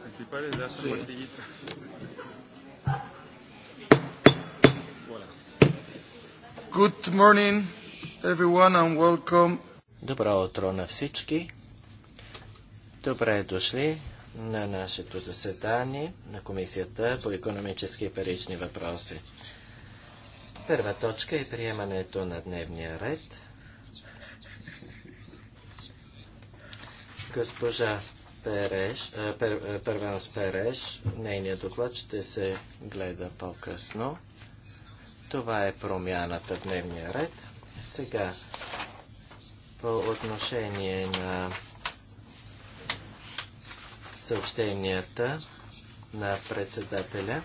principales ya son martillitos. Good morning, everyone, and welcome. Добро утро на всички. Добре дошли на нашето заседание на Комисията по економически и парични въпроси. Първа точка е приемането на дневния ред. Госпожа Переш, пер, Первенс Переш. Нейният доклад ще се гледа по-късно. Това е промяната в дневния ред. Сега, по отношение на съобщенията на председателя,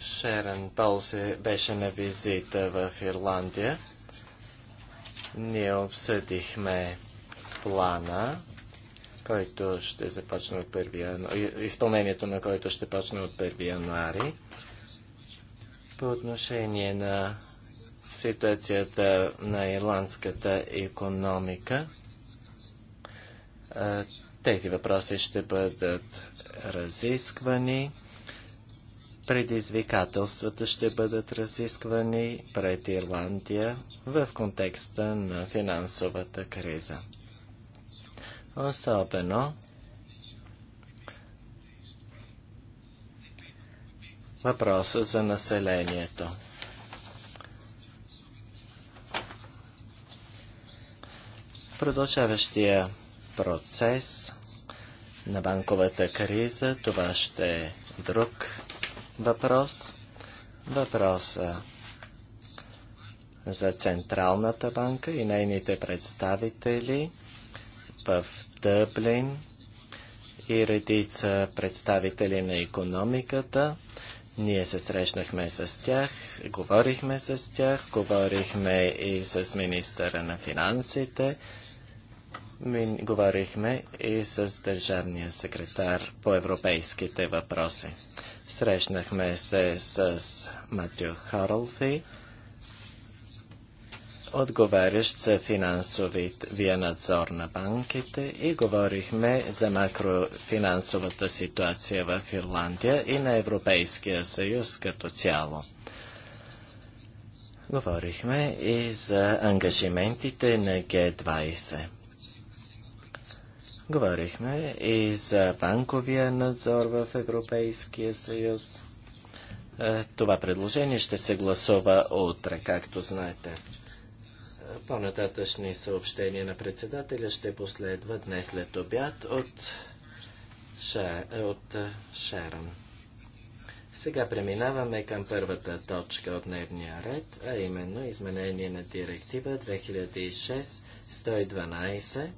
Шерен Паулс е, беше на визита в Ирландия. Ние обсъдихме плана който ще започне от 1 януари, изпълнението на който ще почне от 1 януари. По отношение на ситуацията на ирландската економика, тези въпроси ще бъдат разисквани. Предизвикателствата ще бъдат разисквани пред Ирландия в контекста на финансовата криза особено въпроса за населението. Продължаващия процес на банковата криза, това ще е друг въпрос. Въпроса за Централната банка и нейните представители в Дъблин и редица представители на економиката. Ние се срещнахме с тях, говорихме с тях, говорихме и с министъра на финансите, говорихме и с държавния секретар по европейските въпроси. Срещнахме се с Матю Харолфи, отговарящ за финансовия надзор на банките и говорихме за макрофинансовата ситуация в Ирландия и на Европейския съюз като цяло. Говорихме и за ангажиментите на Г-20. Говорихме и за банковия надзор в Европейския съюз. Е, това предложение ще се гласува утре, както знаете. По-нататъчни съобщения на председателя ще последват днес след обяд от, Ша... от Шаран. Сега преминаваме към първата точка от дневния ред, а именно изменение на директива 2006-112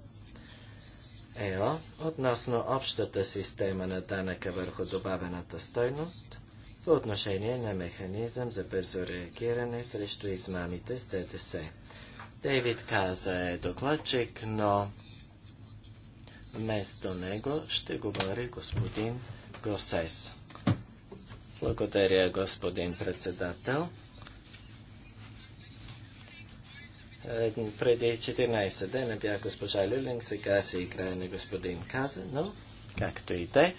ЕО относно общата система на данъка върху добавената стойност по отношение на механизъм за бързо реагиране срещу измамите с ДДС. Дейвид Каза е докладчик, но вместо него ще говори господин Госес. Благодаря, господин председател. Преди 14 дена бях госпожа Люлинг, сега се играе на господин Каза, но както и те,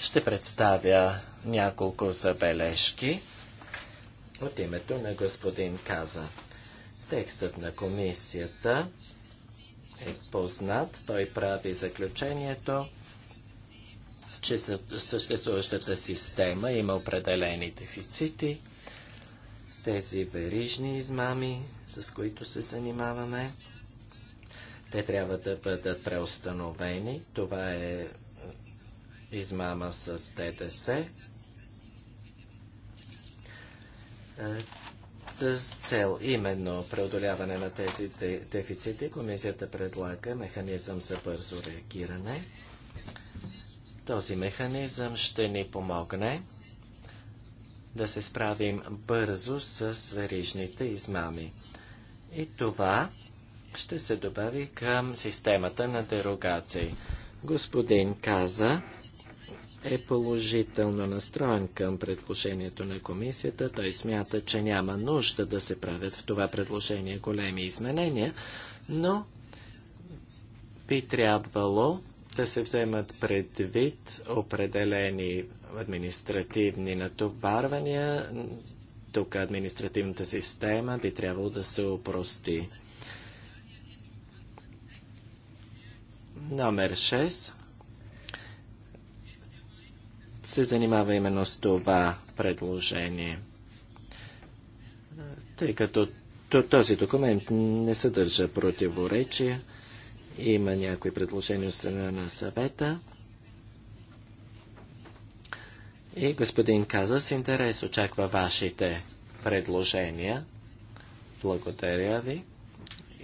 ще представя няколко забележки от името на господин Каза. Текстът на комисията е познат. Той прави заключението, че съществуващата система има определени дефицити. Тези верижни измами, с които се занимаваме, те трябва да бъдат преустановени. Това е измама с ДДС. Е, с цел именно преодоляване на тези дефицити, комисията предлага механизъм за бързо реагиране. Този механизъм ще ни помогне да се справим бързо с верижните измами. И това ще се добави към системата на дерогации. Господин каза, е положително настроен към предложението на комисията. Той смята, че няма нужда да се правят в това предложение големи изменения, но би трябвало да се вземат предвид определени административни натоварвания. Тук административната система би трябвало да се опрости. Номер 6 се занимава именно с това предложение. Тъй като този документ не съдържа противоречия, има някои предложения от страна на съвета. И господин Каза с интерес очаква вашите предложения. Благодаря ви.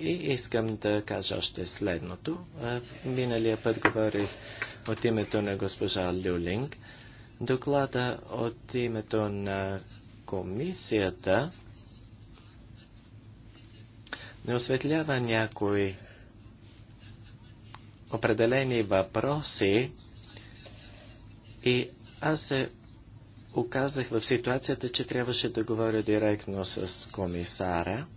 И искам да кажа още следното. Миналия път говорих от името на госпожа Люлинг. Доклада от името на комисията не осветлява някои определени въпроси и аз се оказах в ситуацията, че трябваше да говоря директно с комисара –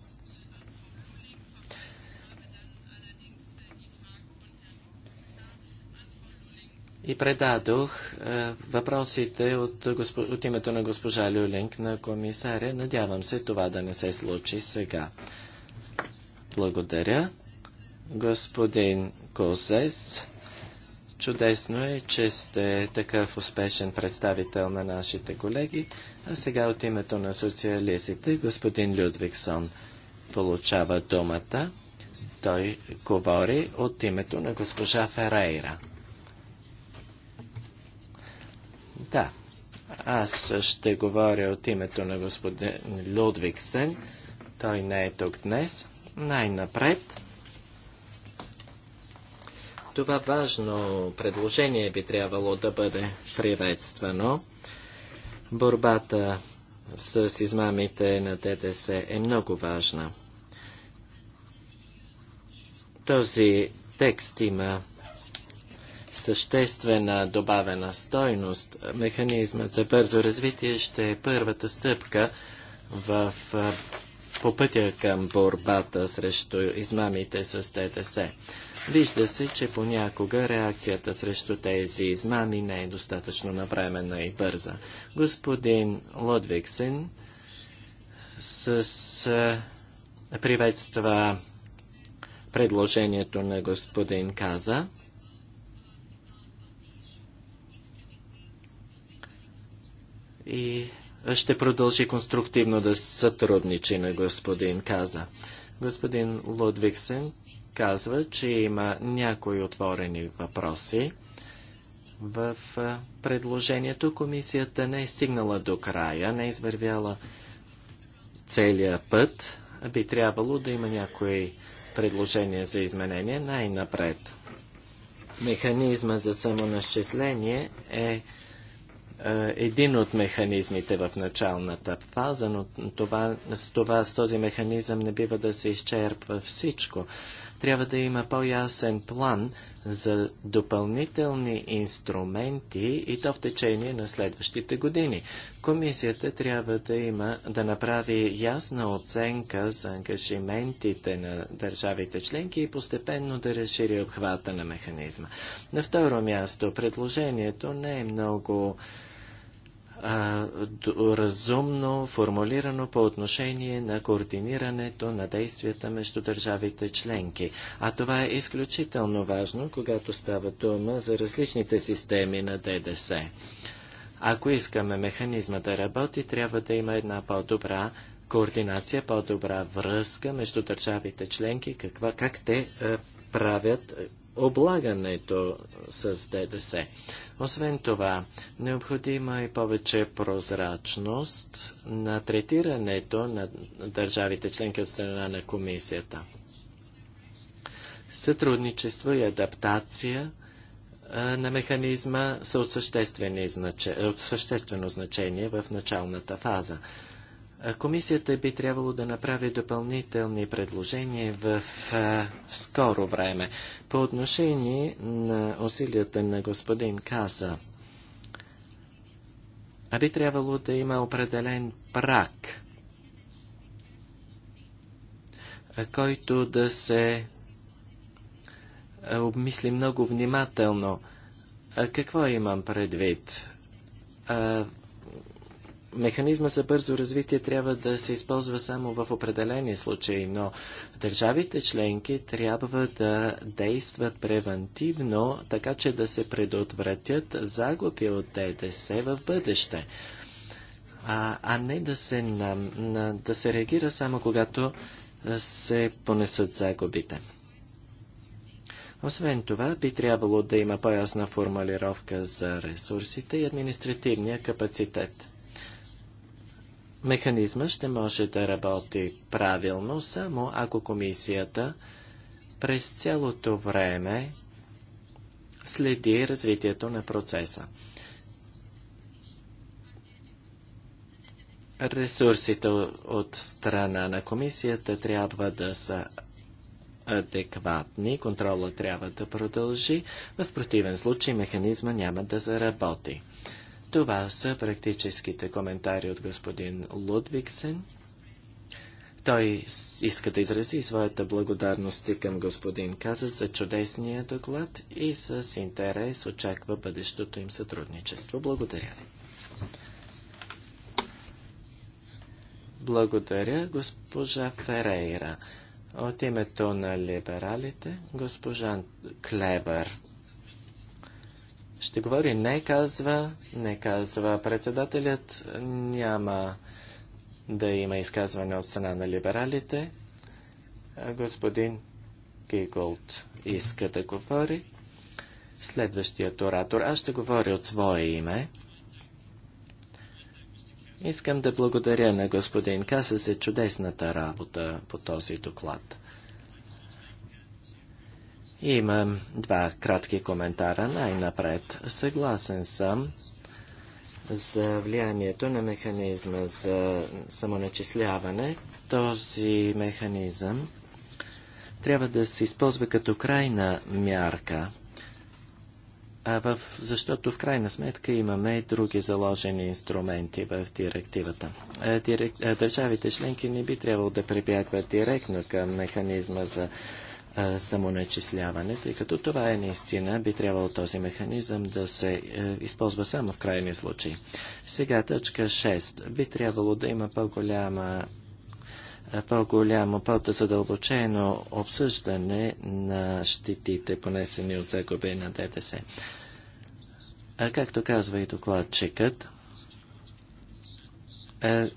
и предадох е, въпросите от, госп... от името на госпожа Люлинг на комисаря. Надявам се това да не се случи сега. Благодаря. Господин Козес, чудесно е, че сте такъв успешен представител на нашите колеги. А сега от името на социалистите господин Людвигсон получава думата. Той говори от името на госпожа Ферейра. Да, аз ще говоря от името на господин Людвигсен. Той не е тук днес. Най-напред. Това важно предложение би трябвало да бъде приветствано. Борбата с измамите на ДДС е много важна. Този текст има съществена добавена стойност. Механизмът за бързо развитие ще е първата стъпка в, по пътя към борбата срещу измамите с ТТС. Вижда се, че понякога реакцията срещу тези измами не е достатъчно навременна и бърза. Господин Лодвиксен с, с приветства предложението на господин Каза и ще продължи конструктивно да сътрудничи на господин Каза. Господин Лудвиксен казва, че има някои отворени въпроси. В предложението комисията не е стигнала до края, не е извървяла целия път. Би трябвало да има някои предложения за изменение най-напред. Механизма за самоназчисление е е, един от механизмите в началната фаза, но това, с, това, с този механизъм не бива да се изчерпва всичко. Трябва да има по-ясен план за допълнителни инструменти и то в течение на следващите години. Комисията трябва да има да направи ясна оценка за ангажиментите на държавите членки и постепенно да разшири обхвата на механизма. На второ място, предложението не е много а, разумно формулирано по отношение на координирането на действията между държавите членки. А това е изключително важно, когато става дума за различните системи на ДДС. Ако искаме механизма да работи, трябва да има една по-добра координация, по-добра връзка между държавите членки, каква, как те правят облагането с ДДС. Освен това, необходима е повече прозрачност на третирането на държавите членки от страна на комисията. Сътрудничество и адаптация на механизма са от съществено значение в началната фаза. Комисията би трябвало да направи допълнителни предложения в, в скоро време. По отношение на усилията на господин Каза, а би трябвало да има определен прак, който да се обмисли много внимателно. Какво имам предвид? Механизма за бързо развитие трябва да се използва само в определени случаи, но държавите членки трябва да действат превентивно, така че да се предотвратят загуби от ДДС в бъдеще, а, а не да се, на, на, да се реагира само когато се понесат загубите. Освен това, би трябвало да има по-ясна формулировка за ресурсите и административния капацитет. Механизма ще може да работи правилно, само ако комисията през цялото време следи развитието на процеса. Ресурсите от страна на комисията трябва да са адекватни, контрола трябва да продължи, в противен случай механизма няма да заработи. Това са практическите коментари от господин Лудвиксен. Той иска да изрази своята благодарност към господин Каза за чудесния доклад и с интерес очаква бъдещото им сътрудничество. Благодаря ви. Благодаря, госпожа Ферейра. От името на либералите, госпожа Клебър ще говори не казва, не казва председателят, няма да има изказване от страна на либералите. Господин Гиголд иска да говори. Следващият оратор. Аз ще говоря от свое име. Искам да благодаря на господин Каса за чудесната работа по този доклад. Имам два кратки коментара. Най-напред, съгласен съм за влиянието на механизма за самоначисляване. Този механизъм трябва да се използва като крайна мярка, а в, защото в крайна сметка имаме и други заложени инструменти в директивата. Е, Директ, е, държавите членки не би трябвало да прибягват директно към механизма за самоначисляване, тъй като това е наистина, би трябвало този механизъм да се е, използва само в крайни случаи. Сега точка 6. Би трябвало да има по-голяма е, по-голямо, по-задълбочено обсъждане на щетите, понесени от загуби на ДДС. А както казва и докладчикът, е,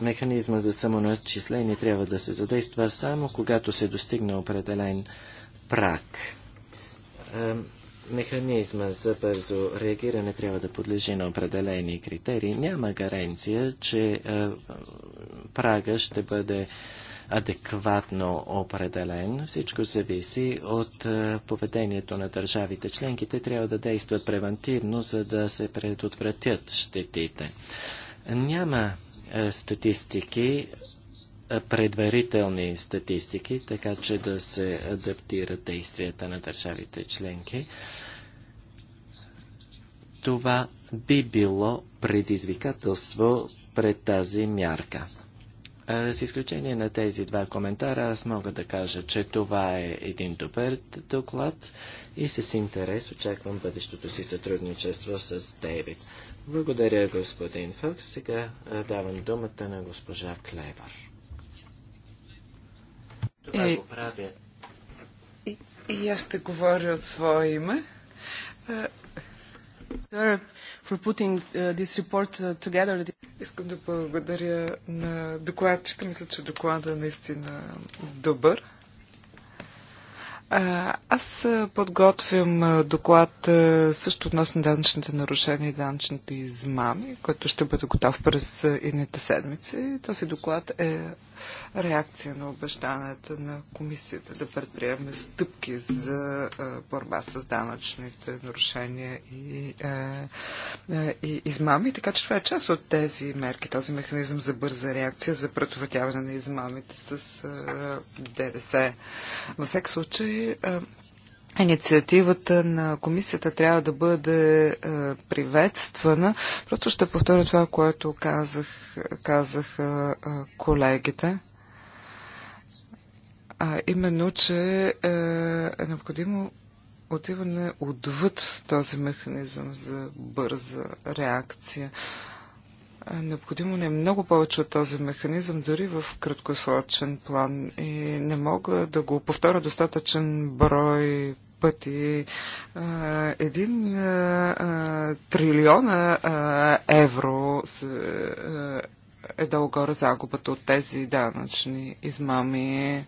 механизма за самоначисление трябва да се задейства само когато се достигне определен прак. Е, механизма за бързо реагиране трябва да подлежи на определени критерии. Няма гаранция, че е, прага ще бъде адекватно определен. Всичко зависи от е, поведението на държавите. Членките трябва да действат превентивно, за да се предотвратят щетите. Няма е, статистики, е, предварителни статистики, така че да се адаптират действията на държавите членки. Това би било предизвикателство пред тази мярка. Е, с изключение на тези два коментара, аз мога да кажа, че това е един добър доклад и с интерес очаквам бъдещото си сътрудничество с Дейвид. Благодаря, господин Фокс. Сега давам думата на госпожа Клевър. Е, Това го правя. И, и аз ще говоря от свое име. Uh, uh, искам да благодаря на докладчика. Мисля, че доклада е наистина добър. Аз подготвям доклад също относно данъчните нарушения и данъчните измами, който ще бъде готов през едните седмици. Този доклад е реакция на обещанията на комисията да предприеме стъпки за борба с данъчните нарушения и, и измами. Така че това е част от тези мерки, този механизъм за бърза реакция за предотвратяване на измамите с ДДС. Във всеки случай Инициативата на комисията трябва да бъде приветствана. Просто ще повторя това, което казах, казах колегите. А именно, че е, е необходимо отиване отвъд този механизъм за бърза реакция. Необходимо не е много повече от този механизъм, дори в краткосрочен план. И не мога да го повторя достатъчен брой пъти. Един трилиона евро е дългора горе загубата от тези данъчни измами.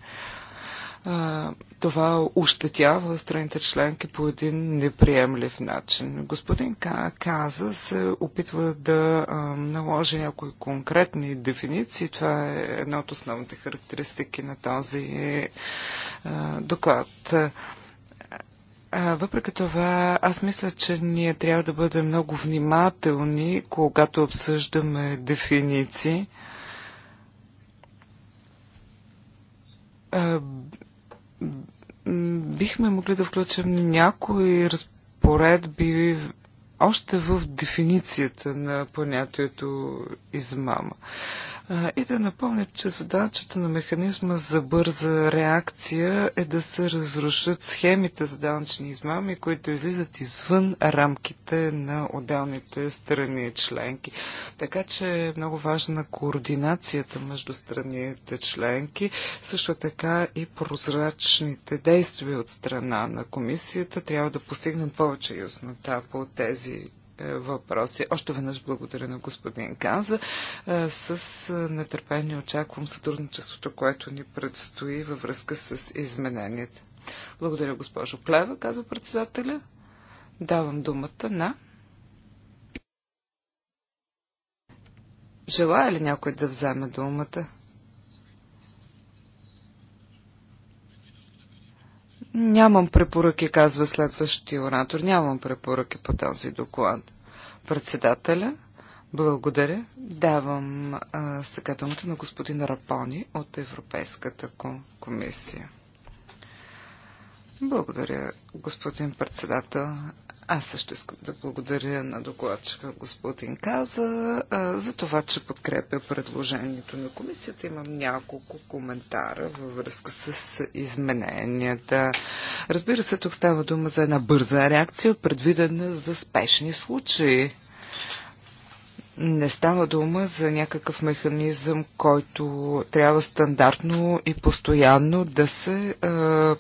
Това ощетява страните членки по един неприемлив начин. Господин Каза се опитва да наложи някои конкретни дефиниции. Това е една от основните характеристики на този доклад. Въпреки това, аз мисля, че ние трябва да бъдем много внимателни, когато обсъждаме дефиниции бихме могли да включим някои разпоредби още в дефиницията на понятието измама и да напомня, че задачата на механизма за бърза реакция е да се разрушат схемите за данъчни измами, които излизат извън рамките на отделните страни и членки. Така че е много важна координацията между страните членки, също така и прозрачните действия от страна на комисията. Трябва да постигнем повече яснота по тези въпроси. Още веднъж благодаря на господин Канза. Е, с е, нетърпение очаквам сътрудничеството, което ни предстои във връзка с измененията. Благодаря, госпожо Плева, казва председателя. Давам думата на... Желая ли някой да вземе думата? Нямам препоръки, казва следващия оратор. Нямам препоръки по този доклад. Председателя, благодаря. Давам а, сега думата на господин Рапони от Европейската комисия. Благодаря, господин председател. Аз също искам да благодаря на докладчика господин Каза за това, че подкрепя предложението на комисията. Имам няколко коментара във връзка с измененията. Разбира се, тук става дума за една бърза реакция, предвидена за спешни случаи. Не става дума за някакъв механизъм, който трябва стандартно и постоянно да се а,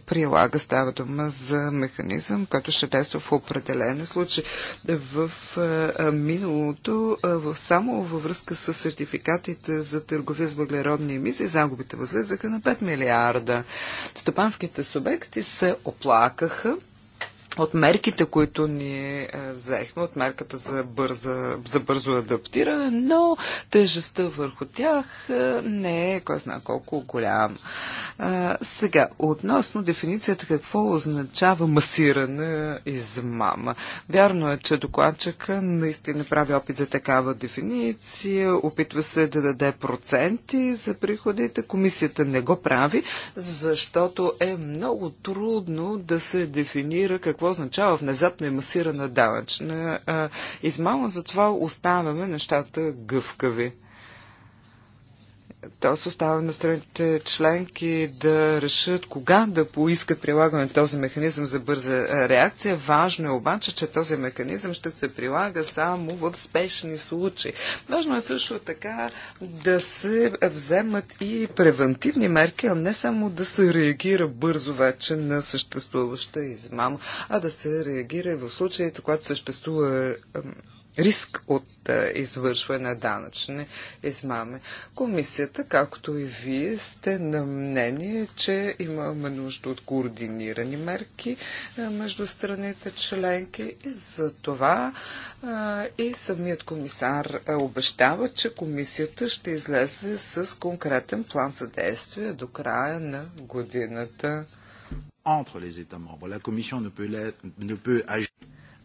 прилага. Става дума за механизъм, който ще действа в определени случаи. В а, миналото, а, само във връзка с сертификатите за търговия с въглеродни емисии, загубите възлизаха на 5 милиарда. Стопанските субекти се оплакаха от мерките, които ние е, взехме, от мерката за, бърза, за бързо адаптиране, но тежестта върху тях е, не е кой знае колко голям. А, е, сега, относно дефиницията какво означава масирана измама. Вярно е, че докладчика наистина прави опит за такава дефиниция, опитва се да даде проценти за приходите. Комисията не го прави, защото е много трудно да се дефинира какво какво означава внезапно и масирана данъчна измама, затова оставяме нещата гъвкави. Тоест остава на страните членки да решат кога да поискат прилагане на този механизъм за бърза е, реакция. Важно е обаче, че този механизъм ще се прилага само в спешни случаи. Важно е също така да се вземат и превентивни мерки, а не само да се реагира бързо вече на съществуваща измама, а да се реагира и в случаите, когато съществува риск от а, е, извършване на данъчни измами. Комисията, както и вие, сте на мнение, че имаме нужда от координирани мерки а, е, между страните членки и за това а, е, и самият комисар обещава, че комисията ще излезе с конкретен план за действие до края на годината. Entre les États membres. La Commission ne peut, la, ne peut agir.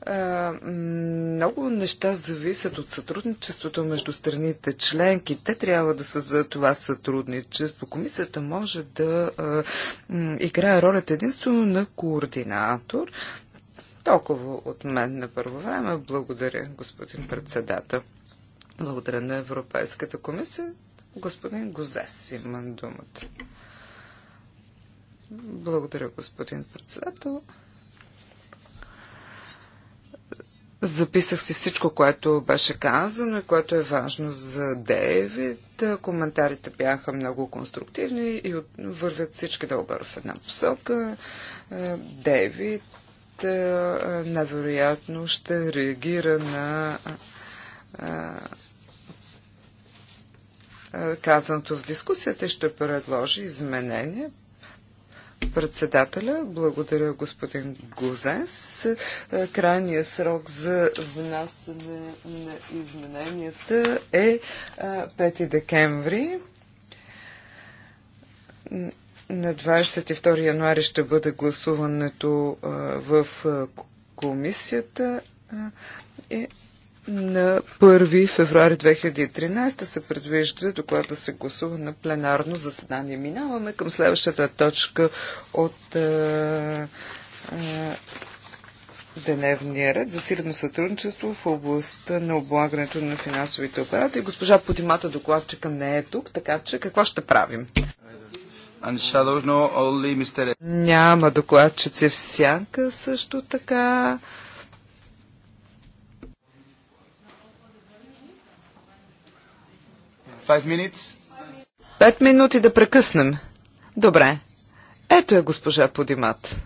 Е, много неща зависят от сътрудничеството между страните членки. Те трябва да са за това сътрудничество. Комисията може да е, играе ролята единствено на координатор. Толкова от мен на първо време. Благодаря, господин председател. Благодаря на Европейската комисия. Господин Гозес има думата. Благодаря, господин председател. Записах си всичко, което беше казано и което е важно за Дейвид. Коментарите бяха много конструктивни и вървят всички дълборо в една посока. Е, Дейвид е, невероятно ще реагира на е, казаното в дискусията и ще предложи изменения Председателя, благодаря господин Гузенс. Е, крайният срок за внасяне на измененията е 5 е, декември. На 22 януари ще бъде гласуването е, в комисията. На 1 февруари 2013 се предвижда доклад да се гласува на пленарно заседание. Минаваме към следващата точка от е, е, дневния ред. Засилено сътрудничество в областта на облагането на финансовите операции. Госпожа Подимата докладчика не е тук, така че какво ще правим? Няма докладчици сянка също така. Пет минути да прекъснем. Добре. Ето е госпожа Подимат.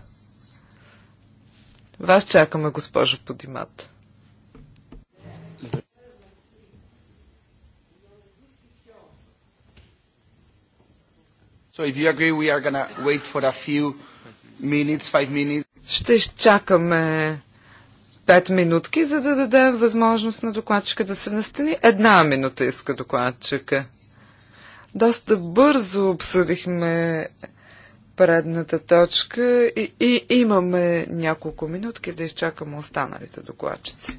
Вас чакаме, госпожа Подимат. So if you agree, we are gonna wait for a few minutes, five minutes. Ще изчакаме пет минутки, за да дадем възможност на докладчика да се настани. Една минута иска докладчика. Доста бързо обсъдихме предната точка и, и имаме няколко минутки да изчакаме останалите докладчици.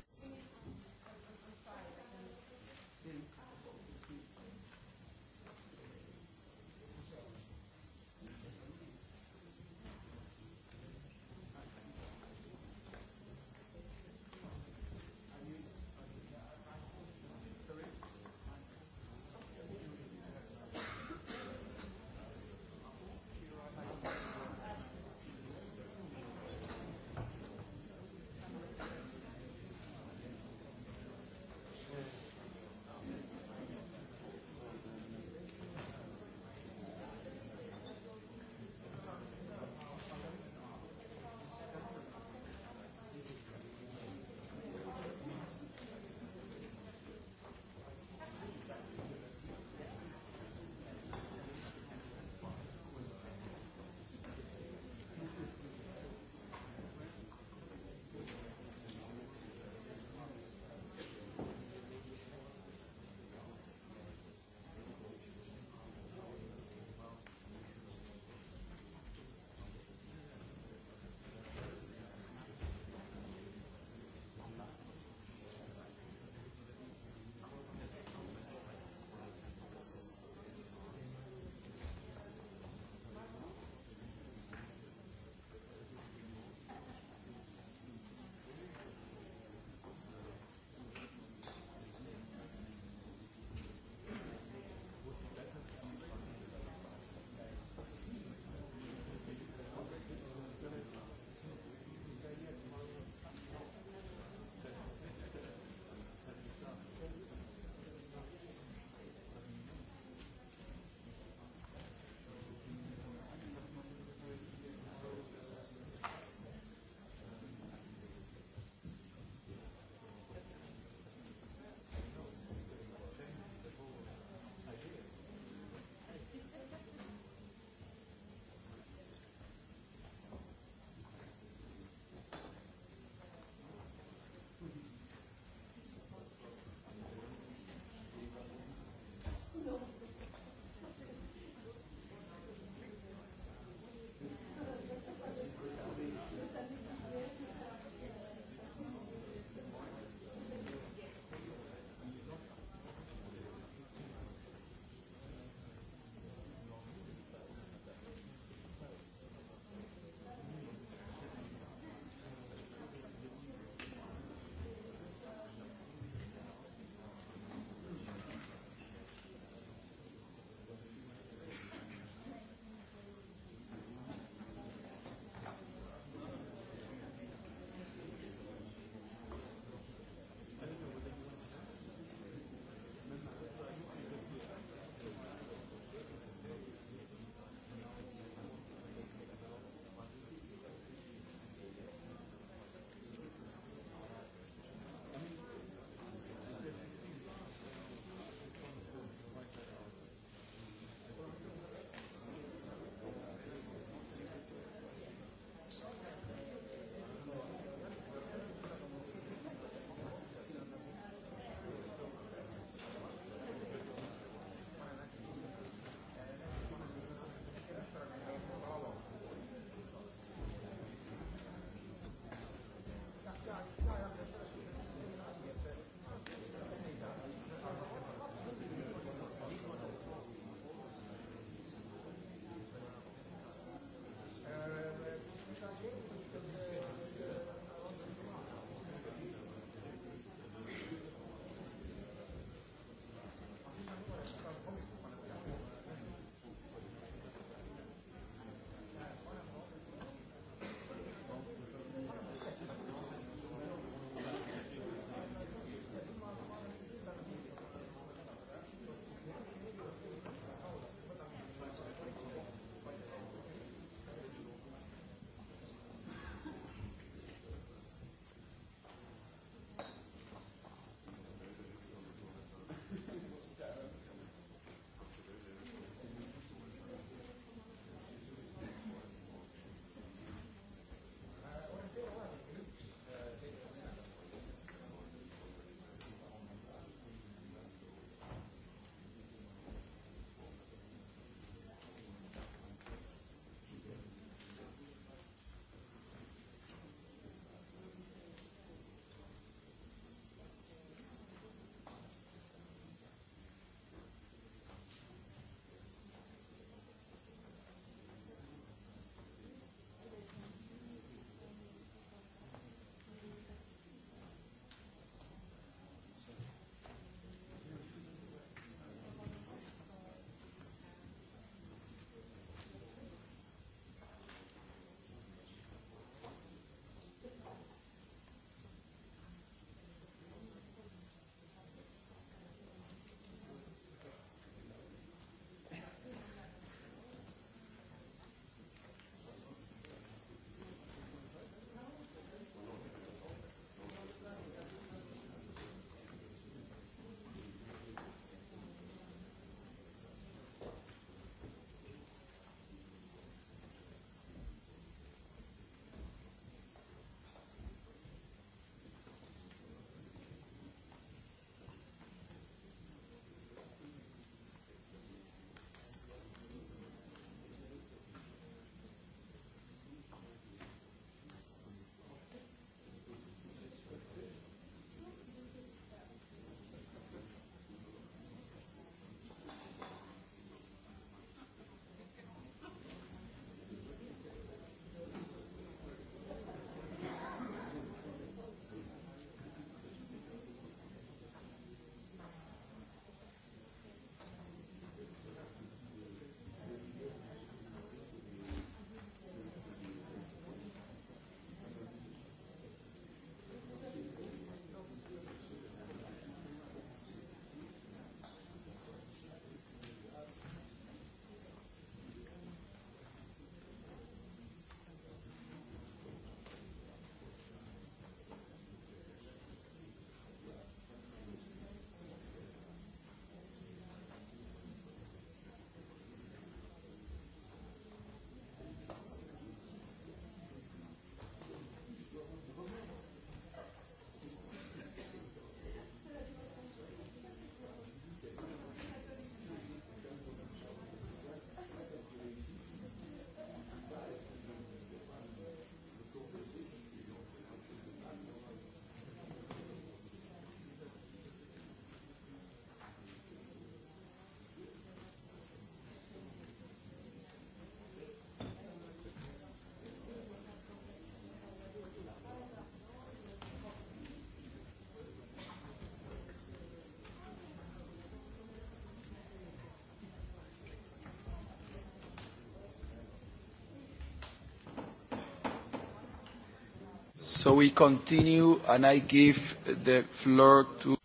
we continue and I give the floor to...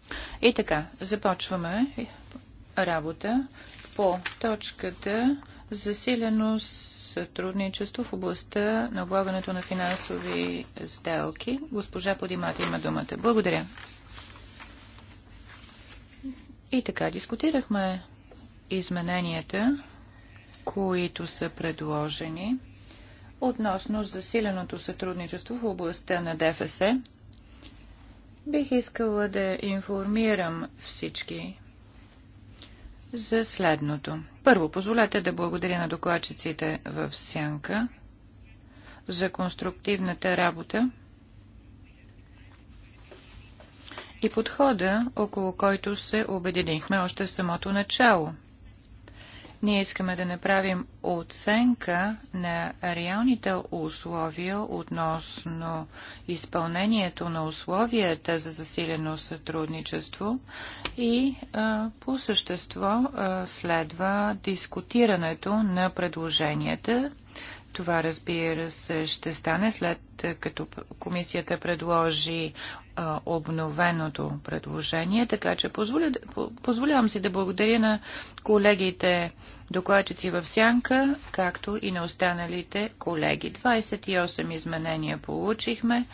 И така, започваме работа по точката засилено сътрудничество в областта на влагането на финансови сделки. Госпожа Подимата има думата. Благодаря. И така, дискутирахме измененията, които са предложени относно засиленото сътрудничество в областта на ДФС. Бих искала да информирам всички за следното. Първо, позволете да благодаря на докладчиците в Сянка за конструктивната работа и подхода, около който се обединихме още в самото начало – ние искаме да направим оценка на реалните условия относно изпълнението на условията за засилено сътрудничество и по същество следва дискутирането на предложенията. Това, разбира се, ще стане след като комисията предложи обновеното предложение, така че позволявам си да благодаря на колегите докладчици в сянка, както и на останалите колеги. 28 изменения получихме.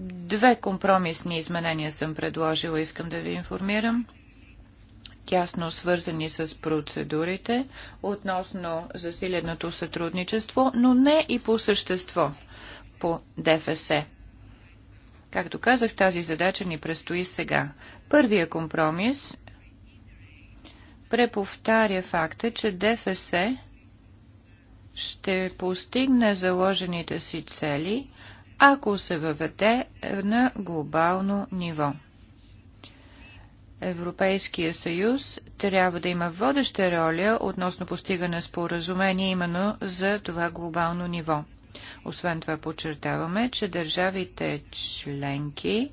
Две компромисни изменения съм предложила, искам да ви информирам тясно свързани с процедурите относно засиленото сътрудничество, но не и по същество по ДФС. Както казах, тази задача ни предстои сега. Първия компромис преповтаря факта, че ДФС ще постигне заложените си цели, ако се въведе на глобално ниво. Европейския съюз трябва да има водеща роля относно постигане споразумение именно за това глобално ниво. Освен това подчертаваме, че държавите членки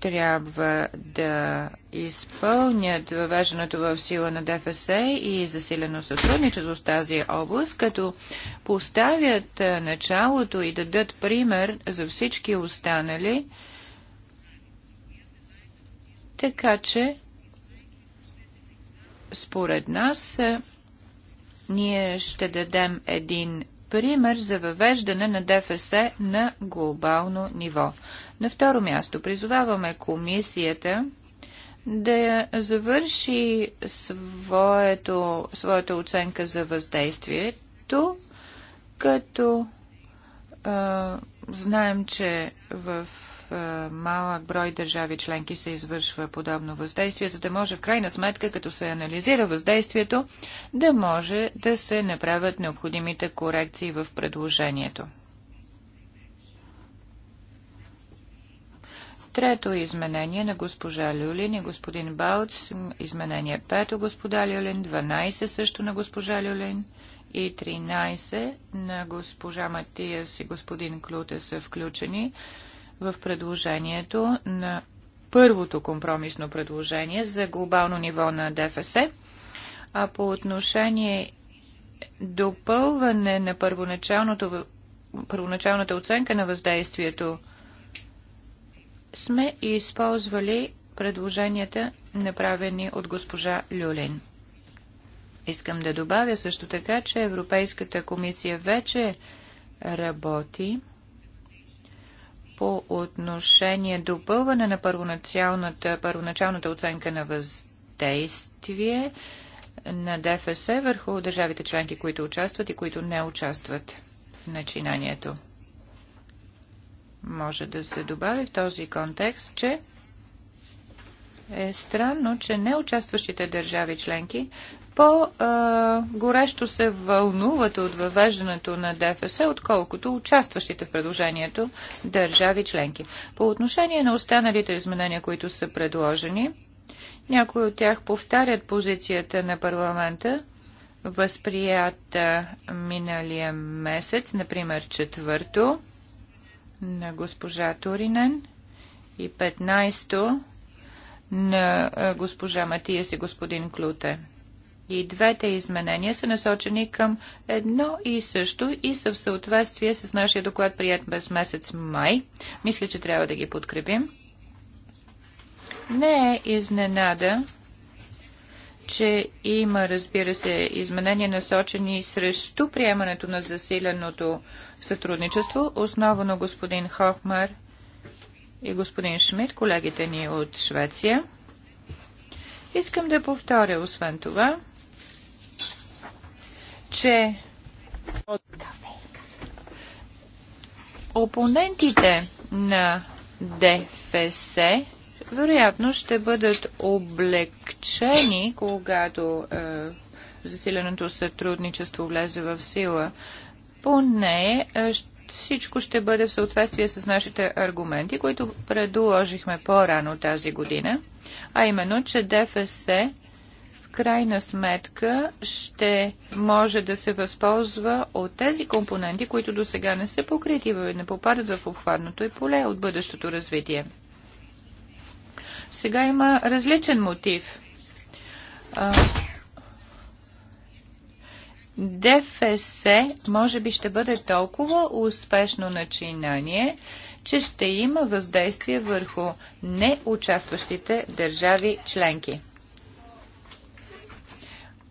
трябва да изпълнят въвеждането в сила на ДФС и засилено сътрудничество с тази област, като поставят началото и дадат пример за всички останали, така че според нас ние ще дадем един пример за въвеждане на ДФС на глобално ниво. На второ място призоваваме комисията да завърши своето, своята оценка за въздействието, като а, знаем, че в е, малък брой държави членки се извършва подобно въздействие, за да може в крайна сметка, като се анализира въздействието, да може да се направят необходимите корекции в предложението. Трето изменение на госпожа Люлин и господин Балц, изменение пето господа Люлин, 12 също на госпожа Люлин и 13 на госпожа Матиас и господин Клуте са включени в предложението на първото компромисно предложение за глобално ниво на ДФС, а по отношение допълване на първоначалното, първоначалната оценка на въздействието сме използвали предложенията, направени от госпожа Люлин. Искам да добавя също така, че Европейската комисия вече работи по отношение допълване на първоначалната, първоначалната оценка на въздействие на ДФС върху държавите членки, които участват и които не участват в начинанието. Може да се добави в този контекст, че е странно, че неучастващите държави членки по-горещо се вълнуват от въвеждането на ДФС, отколкото участващите в предложението държави членки. По отношение на останалите изменения, които са предложени, някои от тях повтарят позицията на парламента, възприята миналия месец, например четвърто на госпожа Туринен и 15 на госпожа Матиес и господин Клюте и двете изменения са насочени към едно и също и са в съответствие с нашия доклад, прият без месец май. Мисля, че трябва да ги подкрепим. Не е изненада, че има, разбира се, изменения насочени срещу приемането на засиленото сътрудничество, основано господин Хохмар и господин Шмидт, колегите ни от Швеция. Искам да повторя, освен това, че опонентите на ДФС вероятно ще бъдат облегчени, когато е, засиленото сътрудничество влезе в сила. Поне е, всичко ще бъде в съответствие с нашите аргументи, които предложихме по-рано тази година, а именно, че ДФС крайна сметка ще може да се възползва от тези компоненти, които до сега не са покрити и не попадат в обхватното и поле от бъдещото развитие. Сега има различен мотив. ДФС може би ще бъде толкова успешно начинание, че ще има въздействие върху неучастващите държави членки.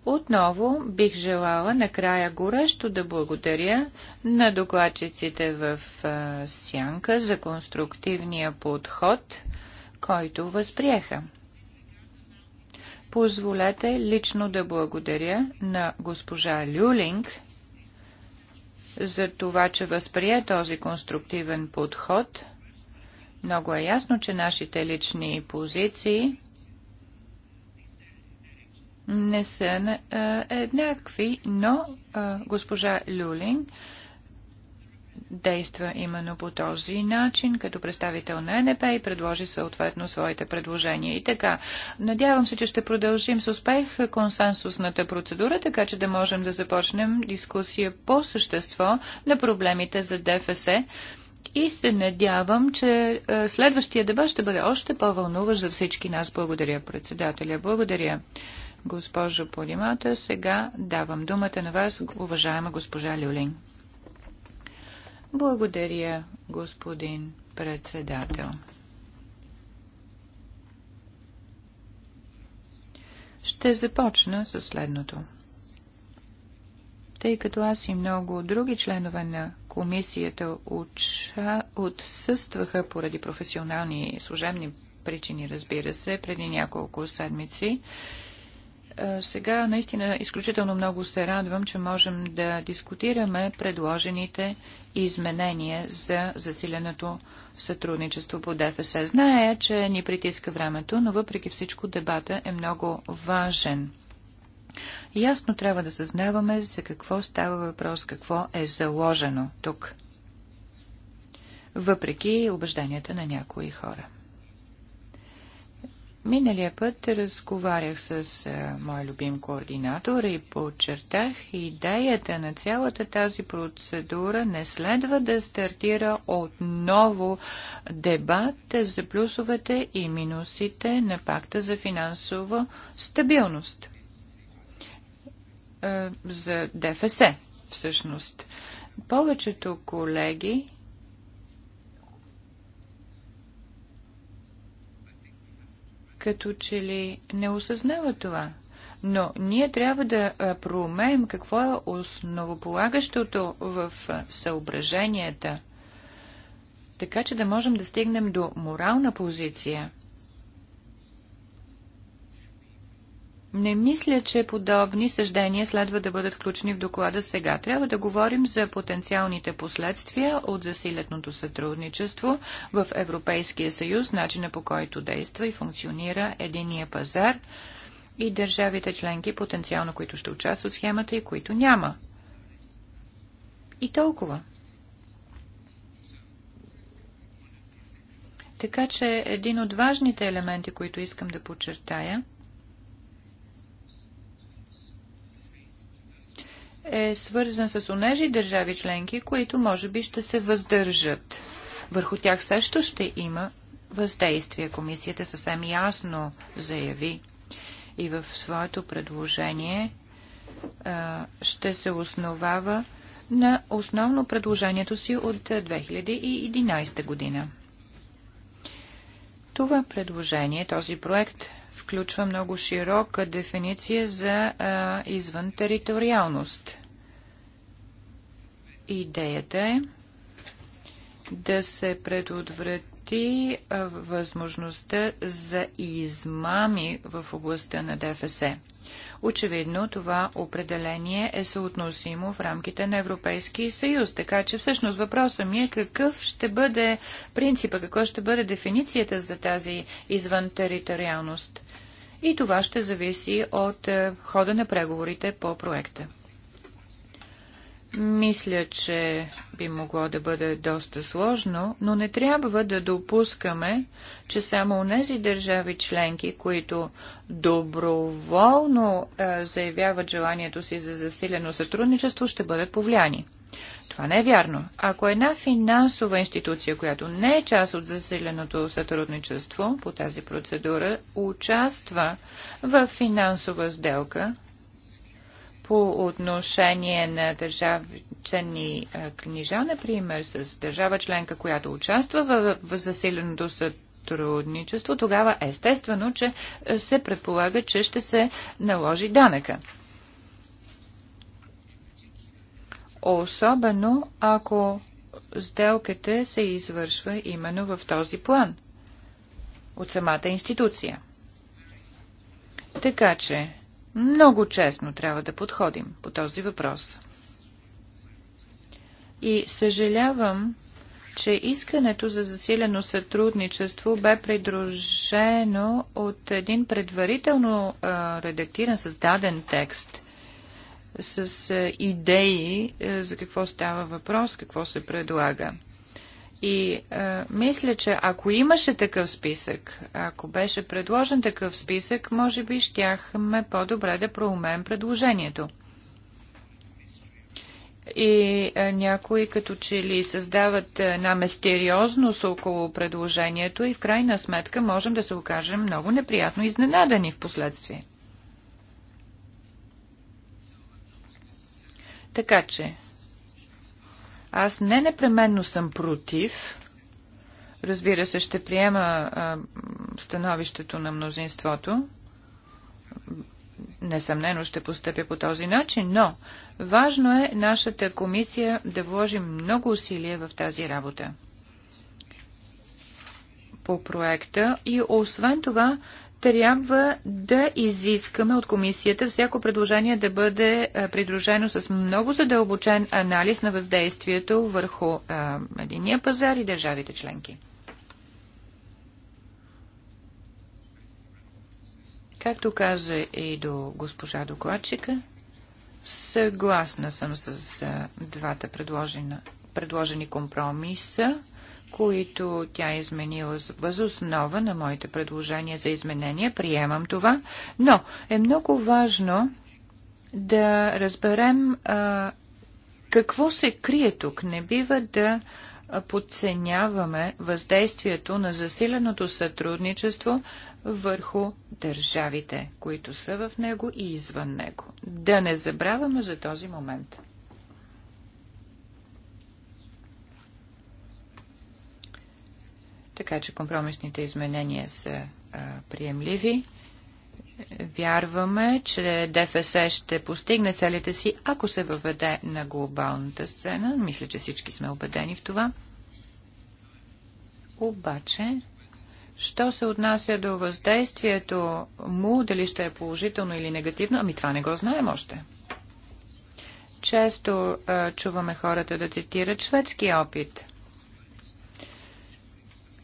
Отново бих желала накрая горещо да благодаря на докладчиците в Сянка за конструктивния подход, който възприеха. Позволете лично да благодаря на госпожа Люлинг за това, че възприе този конструктивен подход. Много е ясно, че нашите лични позиции не са еднакви, е но госпожа Люлин действа именно по този начин, като представител на НП и предложи съответно своите предложения. И така, надявам се, че ще продължим с успех консенсусната процедура, така че да можем да започнем дискусия по същество на проблемите за ДФС. И се надявам, че следващия дебат ще бъде още по-вълнуващ за всички нас. Благодаря, председателя. Благодаря госпожо Полимата. Сега давам думата на вас, уважаема госпожа Люлин. Благодаря, господин председател. Ще започна с следното. Тъй като аз и много други членове на комисията уча... отсъстваха поради професионални и служебни причини, разбира се, преди няколко седмици, сега наистина изключително много се радвам, че можем да дискутираме предложените изменения за засиленото сътрудничество по ДФС. Зная, че ни притиска времето, но въпреки всичко дебата е много важен. Ясно трябва да съзнаваме за какво става въпрос, какво е заложено тук, въпреки убежденията на някои хора. Миналия път разговарях с а, мой любим координатор и подчертах идеята на цялата тази процедура не следва да стартира отново дебат за плюсовете и минусите на пакта за финансова стабилност а, за ДФС всъщност. Повечето колеги като че ли не осъзнава това. Но ние трябва да проумеем какво е основополагащото в съображенията, така че да можем да стигнем до морална позиция Не мисля, че подобни съждения следва да бъдат включени в доклада сега. Трябва да говорим за потенциалните последствия от засиленото сътрудничество в Европейския съюз, начина по който действа и функционира единия пазар и държавите членки, потенциално които ще участват в схемата и които няма. И толкова. Така че един от важните елементи, които искам да подчертая – е свързан с онежи държави членки, които може би ще се въздържат. Върху тях също ще има въздействие. Комисията съвсем ясно заяви и в своето предложение а, ще се основава на основно предложението си от 2011 година. Това предложение, този проект включва много широка дефиниция за а, извън териториалност. Идеята е да се предотврати възможността за измами в областта на ДФС. Очевидно това определение е съотносимо в рамките на Европейския съюз. Така че всъщност въпросът ми е какъв ще бъде принципа, какво ще бъде дефиницията за тази извънтериториалност. И това ще зависи от е, хода на преговорите по проекта. Мисля, че би могло да бъде доста сложно, но не трябва да допускаме, че само нези държави членки, които доброволно е, заявяват желанието си за засилено сътрудничество, ще бъдат повлияни. Това не е вярно. Ако една финансова институция, която не е част от засиленото сътрудничество по тази процедура, участва в финансова сделка, по отношение на държавчени книжа, например, с държава членка, която участва в засиленото сътрудничество, тогава естествено, че се предполага, че ще се наложи данъка. Особено ако сделката се извършва именно в този план от самата институция. Така че много честно трябва да подходим по този въпрос. И съжалявам, че искането за засилено сътрудничество бе придружено от един предварително а, редактиран, създаден текст с а, идеи а, за какво става въпрос, какво се предлага. И а, е, мисля, че ако имаше такъв списък, ако беше предложен такъв списък, може би щяхме по-добре да проумеем предложението. И а, е, някои като че ли създават е, една мистериозност около предложението и в крайна сметка можем да се окажем много неприятно изненадани в последствие. Така че аз не непременно съм против. Разбира се, ще приема а, становището на мнозинството. Несъмнено ще постъпя по този начин, но важно е нашата комисия да вложи много усилия в тази работа по проекта и освен това трябва да изискаме от комисията всяко предложение да бъде придружено с много задълбочен анализ на въздействието върху единия пазар и държавите членки. Както каза и до госпожа докладчика, съгласна съм с двата предложени компромиса които тя е изменила въз основа на моите предложения за изменения. Приемам това, но е много важно да разберем а, какво се крие тук. Не бива да подценяваме въздействието на засиленото сътрудничество върху държавите, които са в него и извън него. Да не забравяме за този момент. Така че компромисните изменения са а, приемливи. Вярваме, че ДФС ще постигне целите си, ако се въведе на глобалната сцена. Мисля, че всички сме убедени в това. Обаче, що се отнася до въздействието му, дали ще е положително или негативно, ами това не го знаем още. Често а, чуваме хората да цитират шведски опит –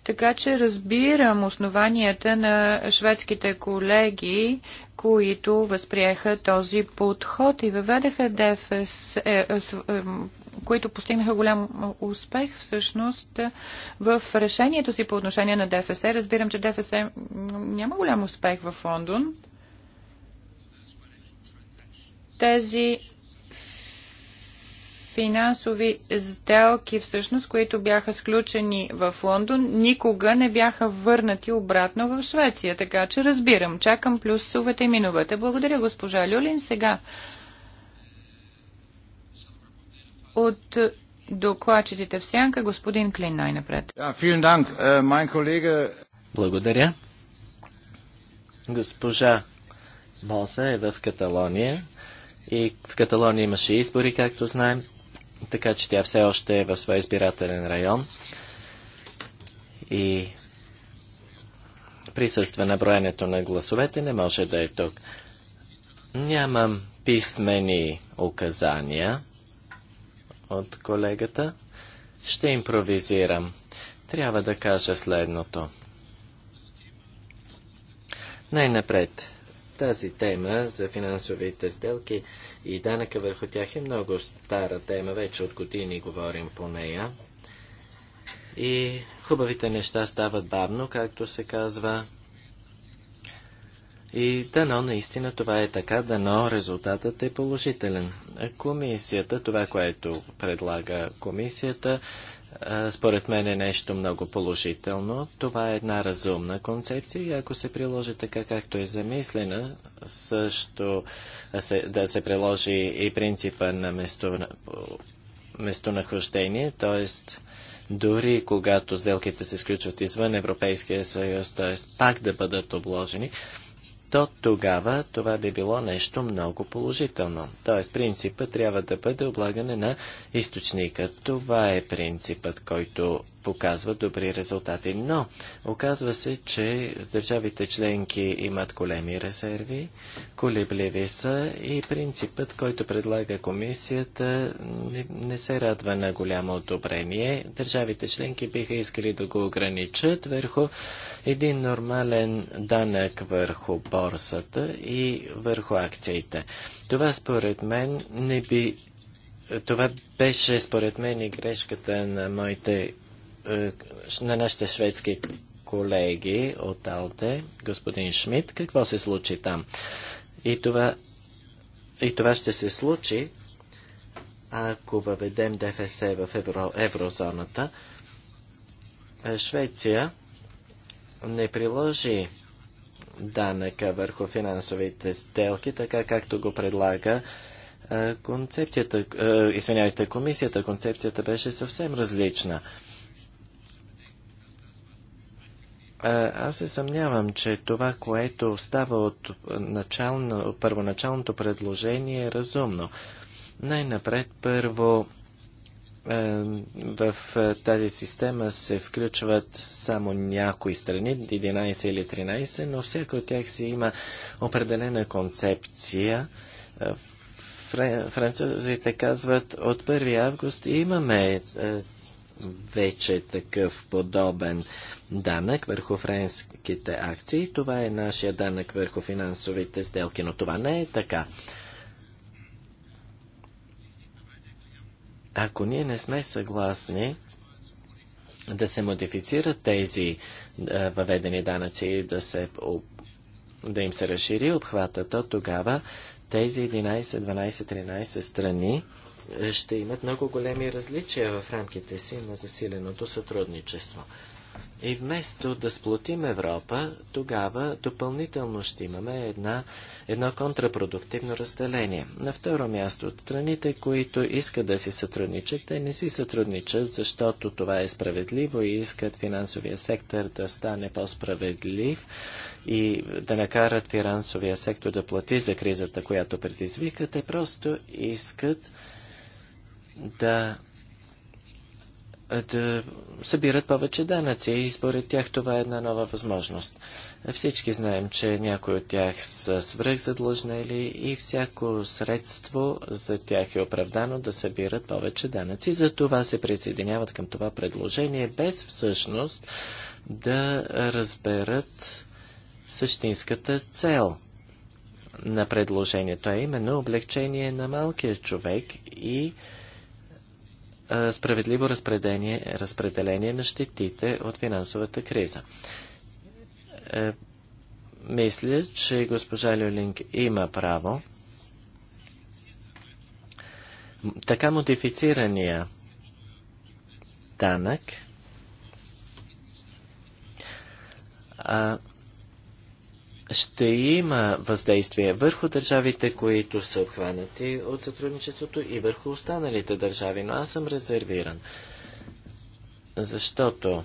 така че разбирам основанията на шведските колеги, които възприеха този подход и въведаха ДФС, е, е, е, които постигнаха голям успех всъщност в решението си по отношение на ДФС. Разбирам, че ДФС няма голям успех в Лондон. Тези финансови сделки, всъщност, които бяха сключени в Лондон, никога не бяха върнати обратно в Швеция. Така че разбирам, чакам плюсовете и миновете. Благодаря, госпожа Люлин. Сега от докладчетите в сянка, господин Клин най-напред. Äh, Благодаря. Госпожа Моза е в Каталония. И в Каталония имаше избори, както знаем така че тя все още е в своя избирателен район и присъства на броенето на гласовете, не може да е тук. Нямам писмени указания от колегата. Ще импровизирам. Трябва да кажа следното. Най-напред. Тази тема за финансовите сделки и данъка върху тях е много стара тема. Вече от години говорим по нея. И хубавите неща стават бавно, както се казва. И дано наистина това е така, дано резултатът е положителен. Комисията, това, което предлага комисията, според мен е нещо много положително. Това е една разумна концепция и ако се приложи така, както е замислена, също да се приложи и принципа на место, местонахождение, т.е. дори когато сделките се сключват извън Европейския съюз, т.е. пак да бъдат обложени, то тогава това би било нещо много положително. Т.е. принципът трябва да бъде облагане на източника. Това е принципът, който показва добри резултати. Но оказва се, че държавите членки имат големи резерви, колебливи са и принципът, който предлага комисията, не, не се радва на голямо одобрение. Държавите членки биха искали да го ограничат върху един нормален данък върху борсата и върху акциите. Това според мен не би това беше според мен и грешката на моите е, на нашите шведски колеги от Алте, господин Шмидт, какво се случи там. И това, и това ще се случи, ако въведем ДФС в евро, еврозоната. Е, Швеция не приложи данъка върху финансовите сделки, така както го предлага е, концепцията, извинявайте, комисията, концепцията беше съвсем различна. Аз се съмнявам, че това, което става от, начално, първоначалното предложение е разумно. Най-напред първо е, в е, тази система се включват само някои страни, 11 или 13, но всяка от тях си има определена концепция. Е, французите казват, от 1 август имаме вече такъв подобен данък върху френските акции. Това е нашия данък върху финансовите сделки, но това не е така. Ако ние не сме съгласни, да се модифицират тези въведени данъци и да, се, да им се разшири обхвата, то тогава тези 11, 12, 13 страни ще имат много големи различия в рамките си на засиленото сътрудничество. И вместо да сплотим Европа, тогава допълнително ще имаме една, едно контрапродуктивно разделение. На второ място, от страните, които искат да си сътрудничат, те не си сътрудничат, защото това е справедливо и искат финансовия сектор да стане по-справедлив и да накарат финансовия сектор да плати за кризата, която предизвика. Те просто искат да, да събират повече данъци и според тях това е една нова възможност. Всички знаем, че някои от тях са свръхзадлъжнели и всяко средство за тях е оправдано да събират повече данъци. За това се присъединяват към това предложение, без всъщност да разберат същинската цел на предложението, а именно облегчение на малкия човек и справедливо разпределение, разпределение на щетите от финансовата криза. Е, мисля, че госпожа Люлинг има право. Така модифицирания данък ще има въздействие върху държавите, които са обхванати от сътрудничеството и върху останалите държави, но аз съм резервиран. Защото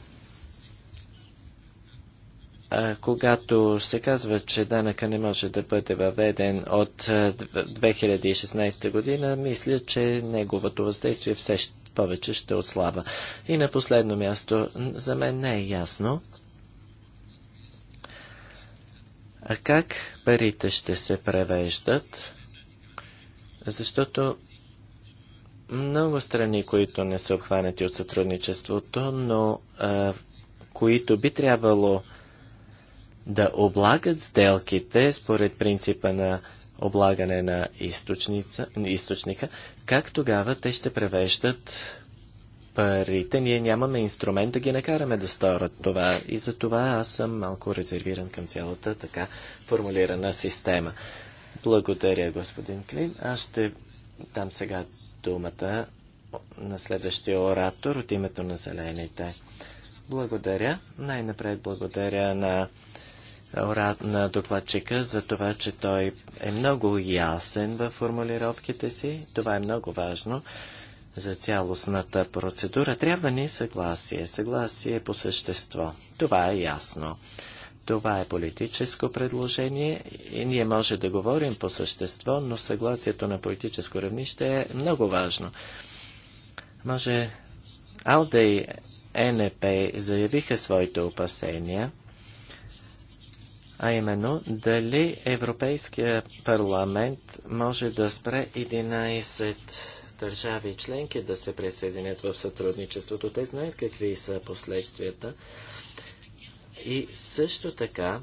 а, когато се казва, че данъка не може да бъде въведен от 2016 година, мисля, че неговото въздействие все повече ще отслава. И на последно място, за мен не е ясно, а как парите ще се превеждат? Защото много страни, които не са обхванати от сътрудничеството, но а, които би трябвало да облагат сделките според принципа на облагане на източника, как тогава те ще превеждат парите, ние нямаме инструмент да ги накараме да сторят това. И за това аз съм малко резервиран към цялата така формулирана система. Благодаря, господин Клин. Аз ще дам сега думата на следващия оратор от името на зелените. Благодаря. Най-напред благодаря на, на докладчика за това, че той е много ясен във формулировките си. Това е много важно за цялостната процедура, трябва ни съгласие. Съгласие по същество. Това е ясно. Това е политическо предложение и ние може да говорим по същество, но съгласието на политическо равнище е много важно. Може Алда и НП заявиха своите опасения, а именно дали Европейския парламент може да спре 11 държави и членки да се присъединят в сътрудничеството. Те знаят какви са последствията. И също така,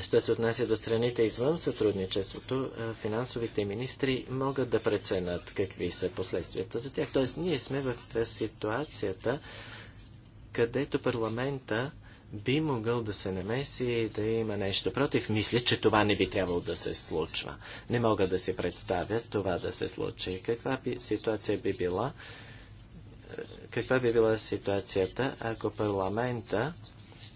що се отнася до страните извън сътрудничеството, финансовите министри могат да преценят какви са последствията за тях. Тоест, ние сме в ситуацията, където парламента би могъл да се намеси и да има нещо против. Мисля, че това не би трябвало да се случва. Не мога да си представя това да се случи. Каква би, ситуация би била? Е, каква би била ситуацията, ако парламента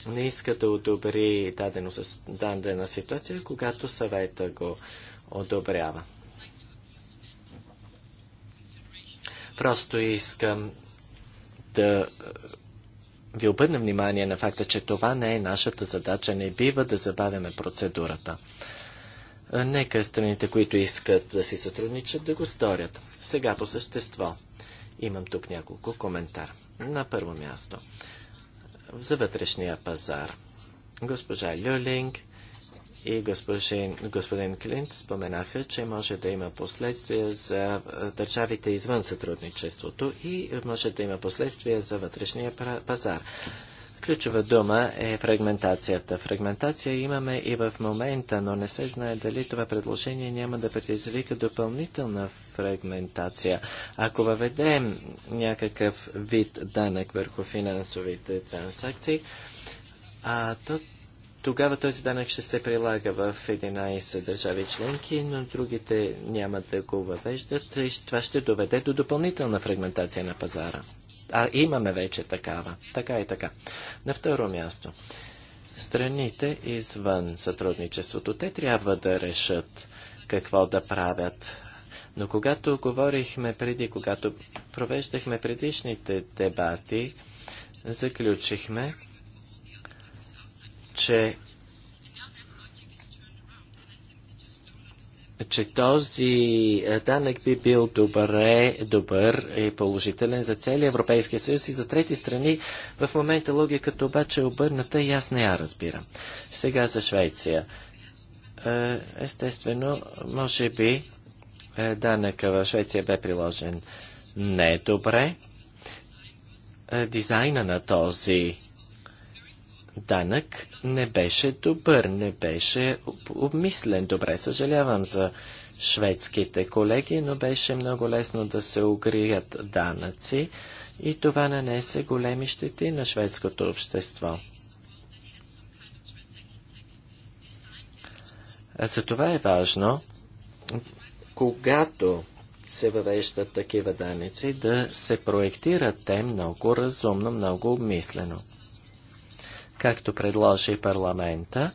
не иска да одобри дадено, дадена ситуация, когато съвета го одобрява? Просто искам да е, ви обърна внимание на факта, че това не е нашата задача. Не бива да забавяме процедурата. Е, нека страните, които искат да си сътрудничат, да го сторят. Сега по същество. Имам тук няколко коментар. На първо място. За вътрешния пазар. Госпожа Люлинг и господин, господин Клинт споменаха, че може да има последствия за държавите извън сътрудничеството и може да има последствия за вътрешния пазар. Ключова дума е фрагментацията. Фрагментация имаме и в момента, но не се знае дали това предложение няма да предизвика допълнителна фрагментация. Ако въведем някакъв вид данък върху финансовите транзакции, а то тогава този данък ще се прилага в 11 държави членки, но другите няма да го въвеждат и това ще доведе до допълнителна фрагментация на пазара. А имаме вече такава. Така и така. На второ място. Страните извън сътрудничеството, те трябва да решат какво да правят. Но когато говорихме преди, когато провеждахме предишните дебати, заключихме, че че този е, данък би бил добре, добър и положителен за целия Европейския съюз и за трети страни. В момента логиката обаче е обърната и аз не я разбирам. Сега за Швеция. Е, естествено, може би е, данъка в Швеция бе приложен не добре. Дизайна на този данък не беше добър, не беше обмислен. Добре, съжалявам за шведските колеги, но беше много лесно да се огрият данъци и това нанесе големи щети на шведското общество. За това е важно, когато се въвеждат такива данници, да се проектират те много разумно, много обмислено както предложи парламента,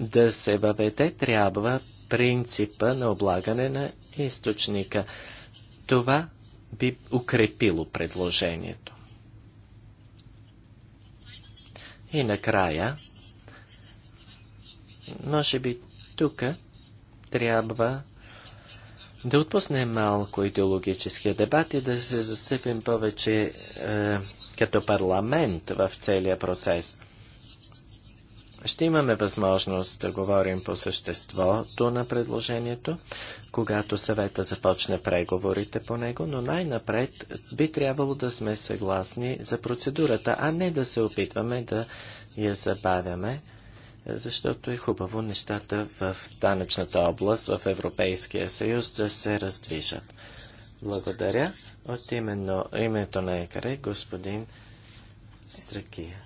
да се въведе трябва принципа на облагане на източника. Това би укрепило предложението. И накрая, може би тук трябва да отпуснем малко идеологическия дебат и да се застъпим повече е, като парламент в целия процес. Ще имаме възможност да говорим по съществото на предложението, когато съвета започне преговорите по него, но най-напред би трябвало да сме съгласни за процедурата, а не да се опитваме да я забавяме, защото е хубаво нещата в данъчната област в Европейския съюз да се раздвижат. Благодаря. От именно, името на екаре господин Стракия.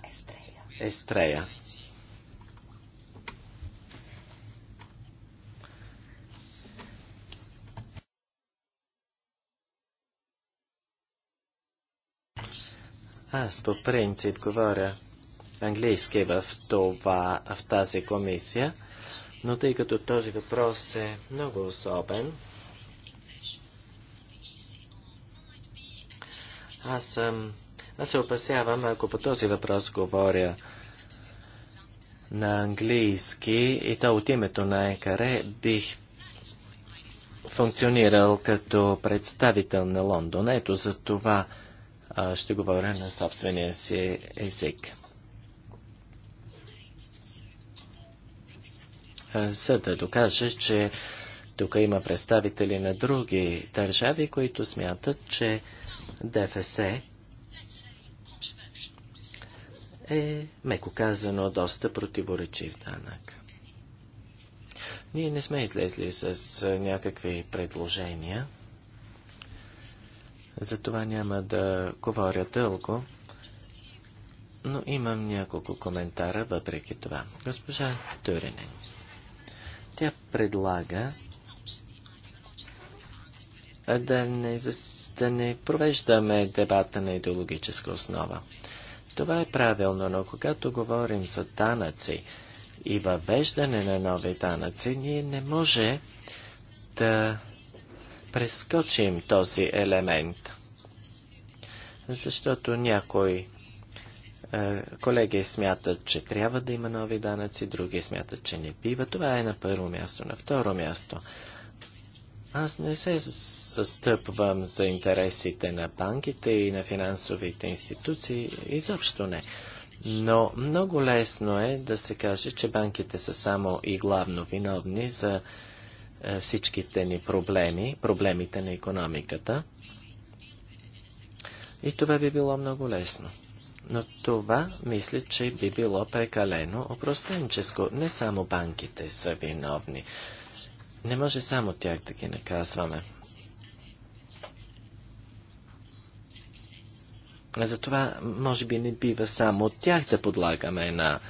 Естрея. Аз по принцип говоря английски в, това, в тази комисия, но тъй като този въпрос е много особен, Аз, съм, аз се опасявам, ако по този въпрос говоря на английски и то от името на ЕКАРЕ, бих функционирал като представител на Лондон. Ето за това а, ще говоря на собствения си език. За да докаже, че тук има представители на други държави, които смятат, че ДФС е, меко казано, доста противоречив данък. Ние не сме излезли с някакви предложения, затова няма да говоря дълго, но имам няколко коментара въпреки това. Госпожа Тюринен, тя предлага да не, зас да не провеждаме дебата на идеологическа основа. Това е правилно, но когато говорим за данъци и въвеждане на нови данъци, ние не може да прескочим този елемент. Защото някои е, колеги смятат, че трябва да има нови данъци, други смятат, че не бива. Това е на първо място. На второ място – аз не се застъпвам за интересите на банките и на финансовите институции, изобщо не. Но много лесно е да се каже, че банките са само и главно виновни за е, всичките ни проблеми, проблемите на економиката. И това би било много лесно. Но това, мисля, че би било прекалено опростенческо. Не само банките са виновни. Не може само тях да ги наказваме. Затова, може би, не бива само тях да подлагаме на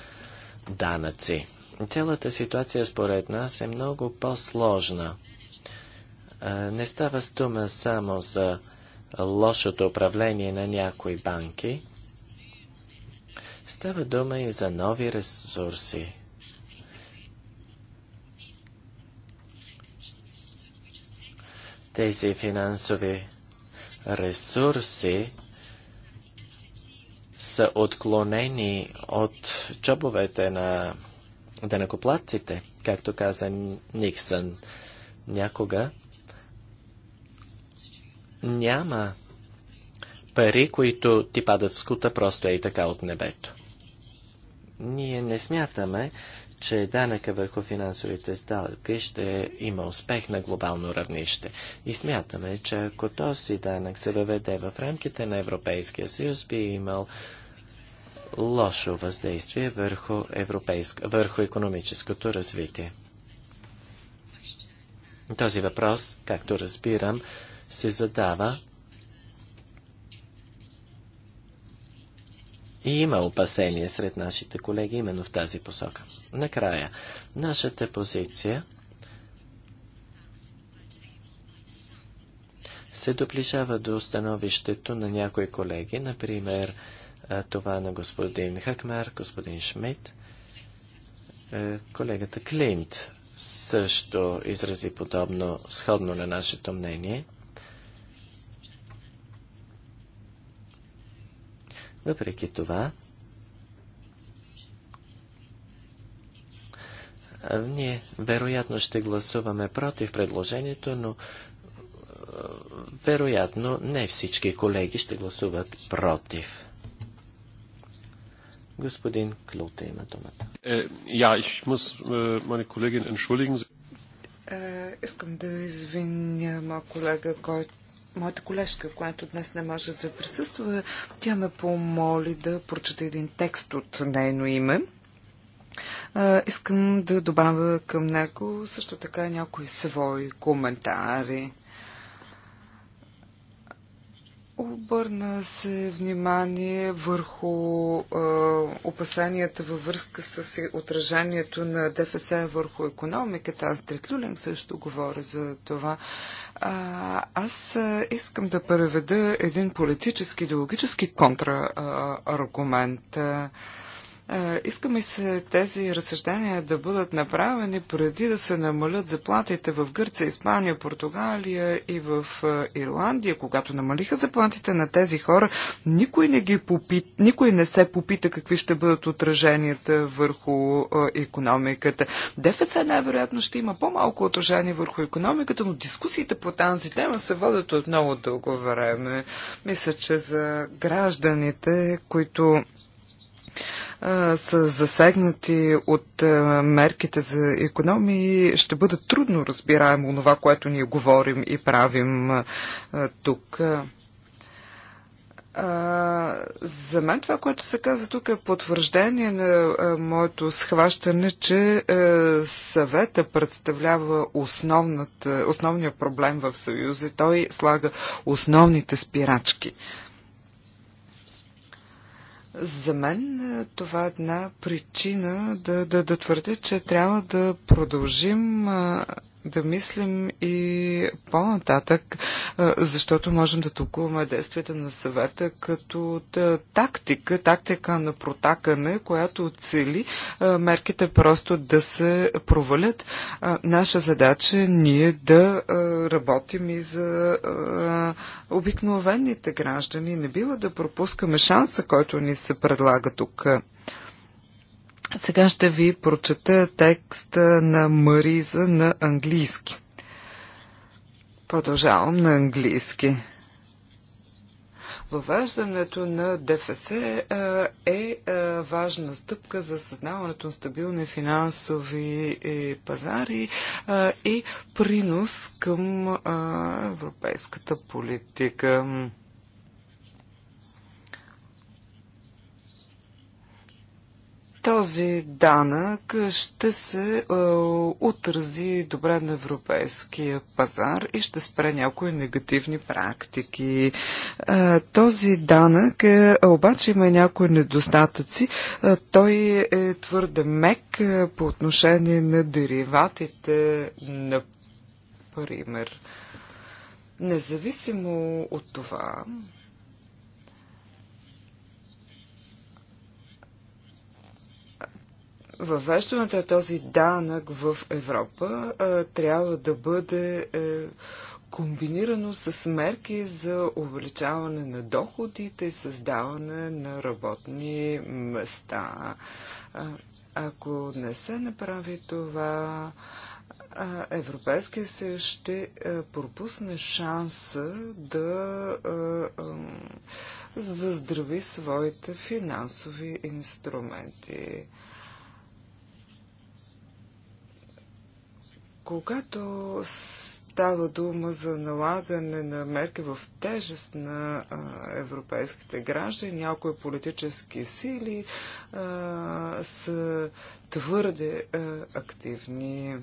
данъци. Цялата ситуация, според нас, е много по-сложна. Не става дума само за лошото управление на някои банки. Става дума и за нови ресурси, Тези финансови ресурси са отклонени от чобовете на денакоплатците, както каза Никсън някога. Няма пари, които ти падат в скута просто е и така от небето. Ние не смятаме, че данъка върху финансовите сделки ще има успех на глобално равнище. И смятаме, че ако този данък се въведе в рамките на Европейския съюз, би имал лошо въздействие върху, европейско, върху економическото развитие. Този въпрос, както разбирам, се задава И има опасение сред нашите колеги именно в тази посока. Накрая, нашата позиция се доближава до становището на някои колеги, например това на господин Хакмар, господин Шмидт, е, колегата Клинт също изрази подобно, сходно на нашето мнение – Въпреки това, ние вероятно ще гласуваме против предложението, но е, вероятно не всички колеги ще гласуват против. Господин Клоте има думата. Е, я, ich muss е, meine Kollegin entschuldigen. Искам да извиня моя колега, който моята колежка, която днес не може да присъства, тя ме помоли да прочета един текст от нейно име. Искам да добавя към него също така някои свои коментари. Обърна се внимание върху е, опасанията във връзка с отражението на ДФС върху економиката. Аз Люлинг също говоря за това. А, аз искам да преведа един политически, идеологически контрааргумент. А, Искаме се тези разсъждения да бъдат направени преди да се намалят заплатите в Гърция, Испания, Португалия и в Ирландия. Когато намалиха заплатите на тези хора, никой не, ги попит, никой не се попита какви ще бъдат отраженията върху економиката. ДФС е най-вероятно ще има по-малко отражение върху економиката, но дискусиите по тази тема се водят от много дълго време. Мисля, че за гражданите, които са засегнати от мерките за економии, ще бъде трудно разбираемо това, което ние говорим и правим тук. за мен това, което се каза тук е потвърждение на моето схващане, че съвета представлява основния проблем в Съюза и той слага основните спирачки. За мен е, това е една причина да, да, да твърдя, че трябва да продължим е, да мислим и по-нататък, защото можем да тълкуваме действията на съвета като тактика, тактика на протакане, която цели мерките просто да се провалят. Наша задача е ние да работим и за обикновените граждани. Не бива да пропускаме шанса, който ни се предлага тук. Сега ще ви прочета текста на Мариза на английски. Продължавам на английски. Въвеждането на ДФС е, е, е важна стъпка за съзнаването на стабилни финансови е, пазари и принос към европейската политика. Този данък ще се е, отрази добре на европейския пазар и ще спре някои негативни практики. Е, този данък е, обаче има и някои недостатъци. Е, той е твърде мек е, по отношение на дериватите, например. Независимо от това, Въвеждането на този данък в Европа а, трябва да бъде е, комбинирано с мерки за увеличаване на доходите и създаване на работни места. А, ако не се направи това, Европейския съюз ще е, пропусне шанса да е, заздрави своите финансови инструменти. Когато става дума за налагане на мерки в тежест на а, европейските граждани, някои политически сили а, са твърде а, активни.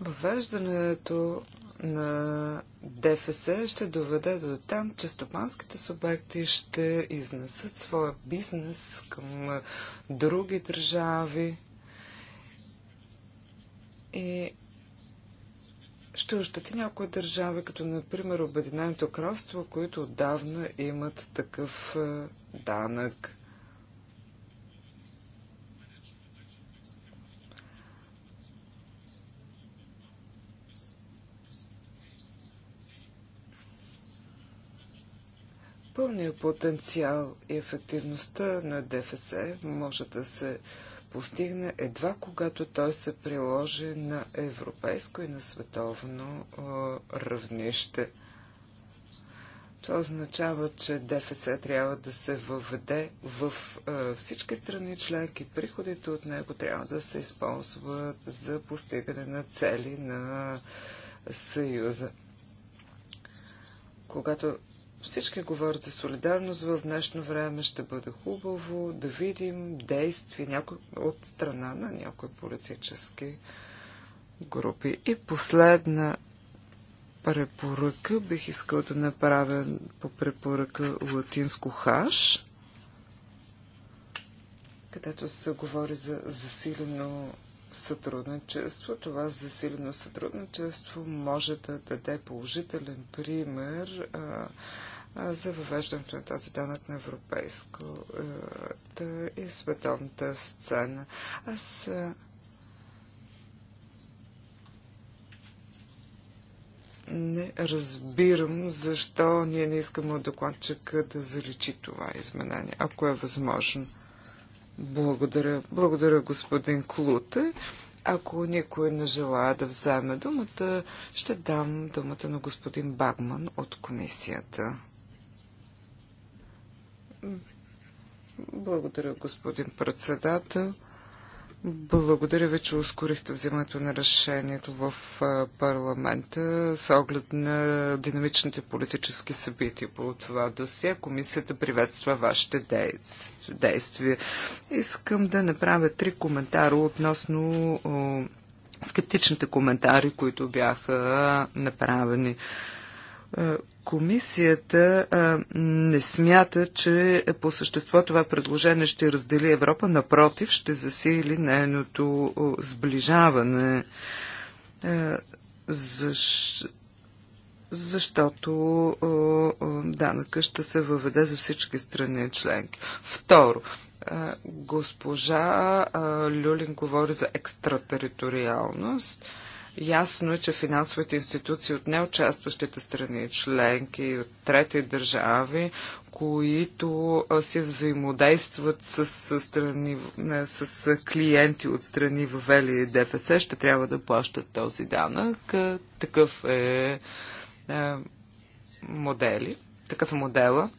Въвеждането на ДФС ще доведе до там, че стопанските субекти ще изнесат своя бизнес към други държави и ще ощети някои държави, като например Обединеното кралство, които отдавна имат такъв е, данък. пълния потенциал и ефективността на ДФС може да се постигне едва когато той се приложи на европейско и на световно равнище. Това означава, че ДФС трябва да се въведе в всички страни членки. Приходите от него трябва да се използват за постигане на цели на Съюза. Когато всички говорят за солидарност в днешно време. Ще бъде хубаво да видим действия някой, от страна на някои политически групи. И последна препоръка бих искал да направя по препоръка латинско хаш, където се говори за засилено сътрудничество. Това засилено сътрудничество може да даде положителен пример а, за въвеждането на този данък на европейската и световната сцена. Аз не разбирам защо ние не искаме от докладчика да заличи това изменение, ако е възможно. Благодаря. Благодаря, господин Клуте. Ако никой не желая да вземе думата, ще дам думата на господин Багман от комисията. Благодаря, господин председател. Благодаря ви, че ускорихте взимането на решението в парламента с оглед на динамичните политически събития по това досия. Комисията приветства вашите действия. Искам да направя три коментара относно скептичните коментари, които бяха направени. Комисията а, не смята, че по същество това предложение ще раздели Европа. Напротив, ще засили нейното сближаване. А, защ... Защото данъка ще се въведе за всички страни членки. Второ, а, госпожа а, Люлин говори за екстратериториалност. А, Ясно е, че финансовите институции от неучастващите страни, членки от трети държави, които се взаимодействат с, страни, с клиенти от страни въвели и ДФС, ще трябва да плащат този данък. Такъв е, е модели. Такъв е модела.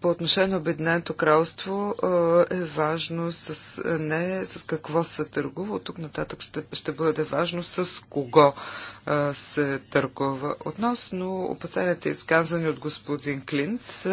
по отношение на Обединеното кралство е важно с, не с какво се търгува, от тук нататък ще, ще бъде важно с кого се търгува. Относно опасенията изказани от господин Клинц,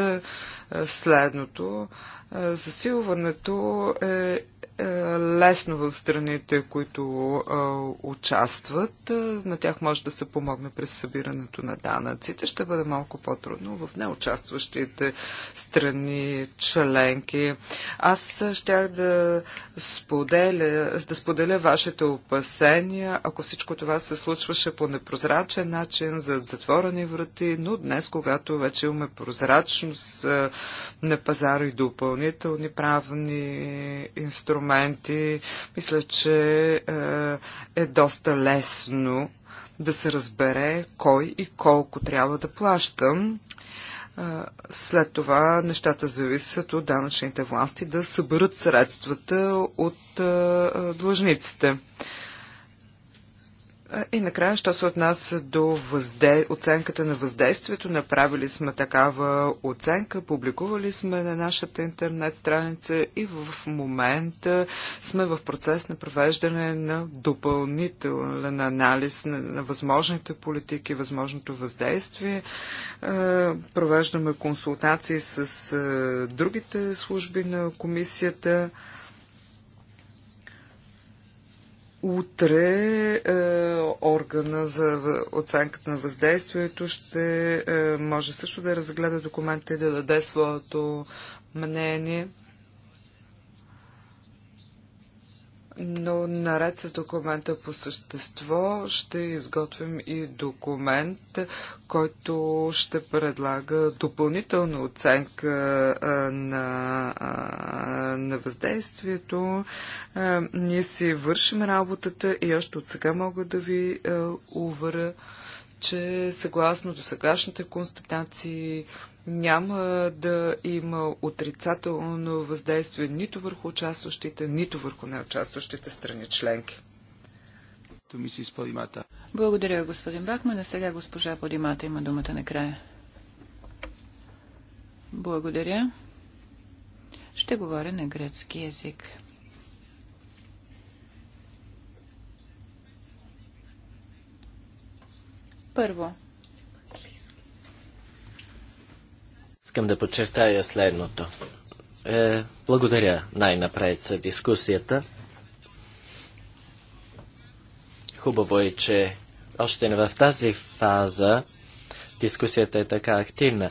следното. Засилването е е, лесно в страните, които а, е, участват. Е, на тях може да се помогне през събирането на данъците. Ще бъде малко по-трудно в неучастващите страни членки. Аз щях да споделя, да споделя вашите опасения, ако всичко това се случваше по непрозрачен начин, за затворени врати, но днес, когато вече имаме прозрачност на пазара и допълнителни правни инструменти, инструменти, мисля, че е, е доста лесно да се разбере кой и колко трябва да плащам. Е, след това нещата зависят от данъчните власти да съберат средствата от е, длъжниците. И накрая, що се отнася до възде... оценката на въздействието, направили сме такава оценка, публикували сме на нашата интернет страница и в момента сме в процес на провеждане на допълнителен анализ на, на възможните политики, възможното въздействие. Е, провеждаме консултации с е, другите служби на комисията. Утре е, органа за оценката на въздействието ще е, може също да разгледа документа и да даде своето мнение. но наред с документа по същество ще изготвим и документ, който ще предлага допълнителна оценка на, на въздействието. Ние си вършим работата и още от сега мога да ви уверя, че съгласно до сегашните констатации няма да има отрицателно въздействие нито върху участващите, нито върху неучастващите страни членки. Благодаря, господин Бахман. А сега госпожа Подимата има думата накрая. Благодаря. Ще говоря на гръцки язик. Първо, Искам да подчертая следното. Е, благодаря най-напред за дискусията. Хубаво е, че още не в тази фаза дискусията е така активна.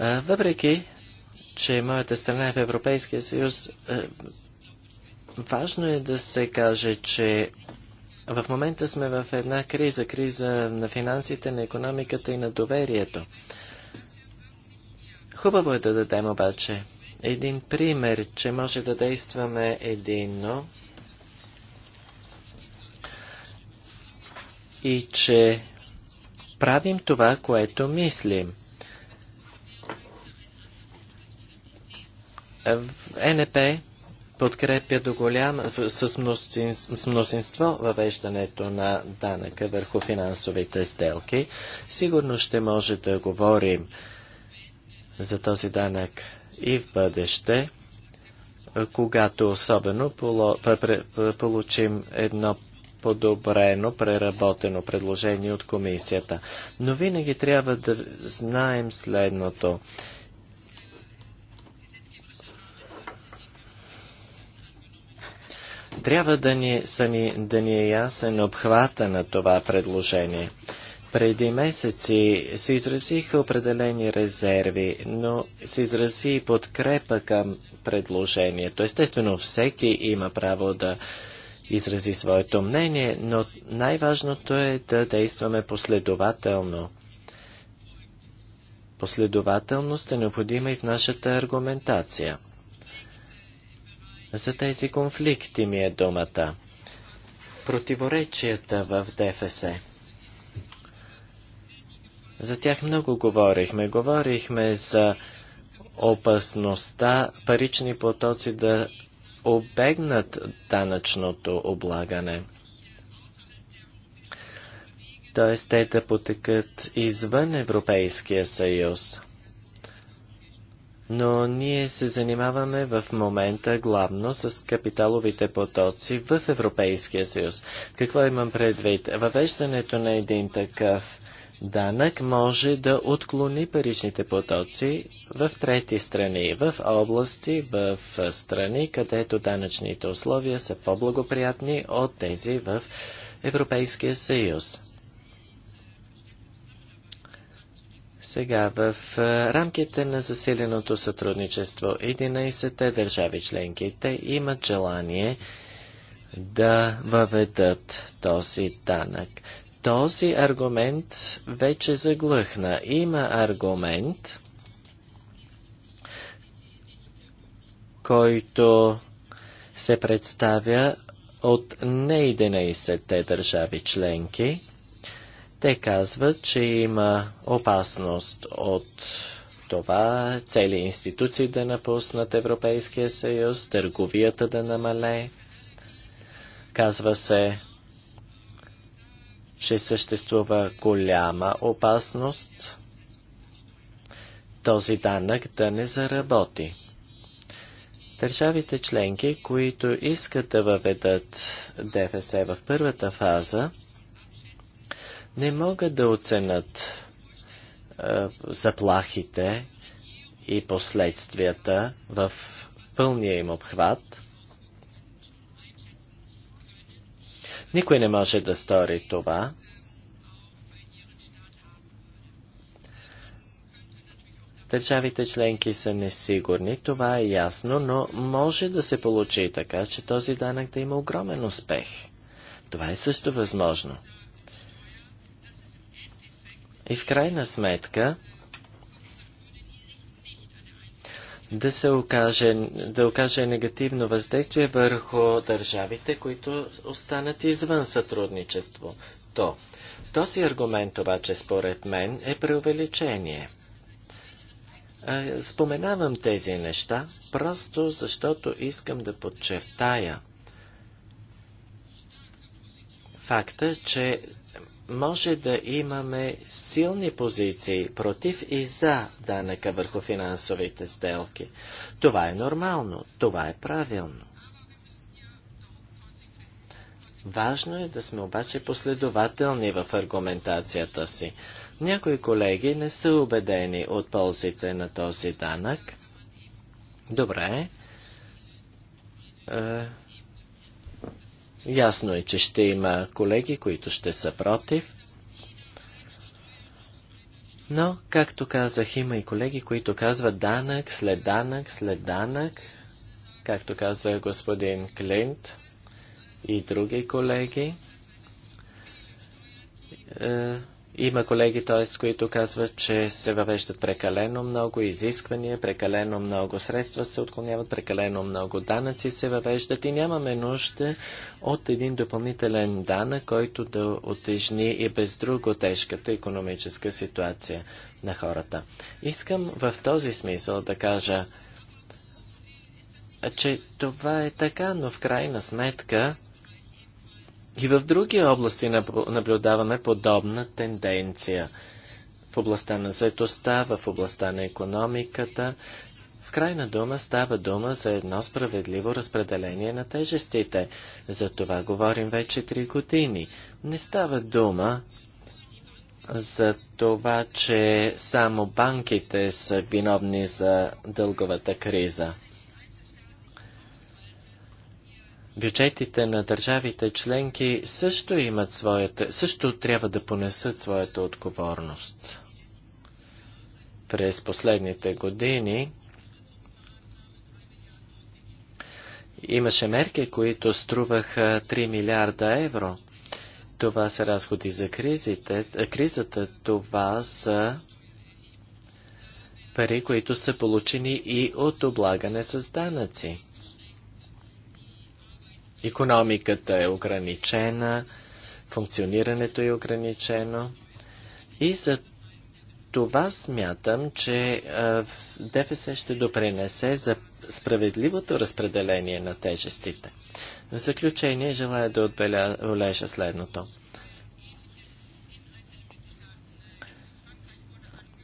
Е, въпреки, че моята страна е в Европейския съюз, е, важно е да се каже, че в момента сме в една криза, криза на финансите, на економиката и на доверието. Хубаво е да дадем обаче един пример, че може да действаме единно и че правим това, което мислим. В е, НП подкрепя до голям, с, мнозин, с мнозинство въвеждането на данъка върху финансовите сделки. Сигурно ще може да говорим за този данък и в бъдеще, когато особено получим едно подобрено, преработено предложение от комисията. Но винаги трябва да знаем следното. Трябва да ни, са ни, да ни е ясен обхвата на това предложение. Преди месеци се изразиха определени резерви, но се изрази и подкрепа към предложението. Естествено, всеки има право да изрази своето мнение, но най-важното е да действаме последователно. Последователност е необходима и в нашата аргументация. За тези конфликти ми е думата. Противоречията в ДФС – за тях много говорихме. Говорихме за опасността парични потоци да обегнат данъчното облагане. Тоест, те да потекат извън Европейския съюз. Но ние се занимаваме в момента главно с капиталовите потоци в Европейския съюз. Какво имам предвид? Въвеждането на един такъв данък може да отклони паричните потоци в трети страни, в области, в страни, където данъчните условия са по-благоприятни от тези в Европейския съюз. Сега в рамките на засиленото сътрудничество 11-те държави членките, имат желание да въведат този данък този аргумент вече заглъхна. Има аргумент, който се представя от не 11-те държави членки. Те казват, че има опасност от това цели институции да напуснат Европейския съюз, търговията да намале. Казва се, че съществува голяма опасност този данък да не заработи. Държавите членки, които искат да въведат ДФС в първата фаза, не могат да оценят е, заплахите и последствията в пълния им обхват – Никой не може да стори това. Държавите членки са несигурни, това е ясно, но може да се получи и така, че този данък да има огромен успех. Това е също възможно. И в крайна сметка, да се окаже, да окаже негативно въздействие върху държавите, които останат извън сътрудничество. То. Този аргумент обаче, според мен, е преувеличение. Споменавам тези неща, просто защото искам да подчертая факта, че може да имаме силни позиции против и за данъка върху финансовите сделки. Това е нормално, това е правилно. Важно е да сме обаче последователни в аргументацията си. Някои колеги не са убедени от ползите на този данък. Добре. Е, Ясно е, че ще има колеги, които ще са против. Но, както казах, има и колеги, които казват данък, след данък, след данък, както каза господин Клинт и други колеги. Е, има колеги, т.е. които казват, че се въвеждат прекалено много изисквания, прекалено много средства се отклоняват, прекалено много данъци се въвеждат и нямаме нужда от един допълнителен данък, който да отежни и без друго тежката економическа ситуация на хората. Искам в този смисъл да кажа, че това е така, но в крайна сметка и в други области наблюдаваме подобна тенденция. В областта на заетостта, в областта на економиката. В крайна дума става дума за едно справедливо разпределение на тежестите. За това говорим вече три години. Не става дума за това, че само банките са виновни за дълговата криза. бюджетите на държавите членки също имат своята, също трябва да понесат своята отговорност. През последните години имаше мерки, които струваха 3 милиарда евро. Това са разходи за кризите, кризата, това са пари, които са получени и от облагане с данъци. Економиката е ограничена, функционирането е ограничено и за това смятам, че ДФС ще допринесе за справедливото разпределение на тежестите. В заключение желая да отбележа следното.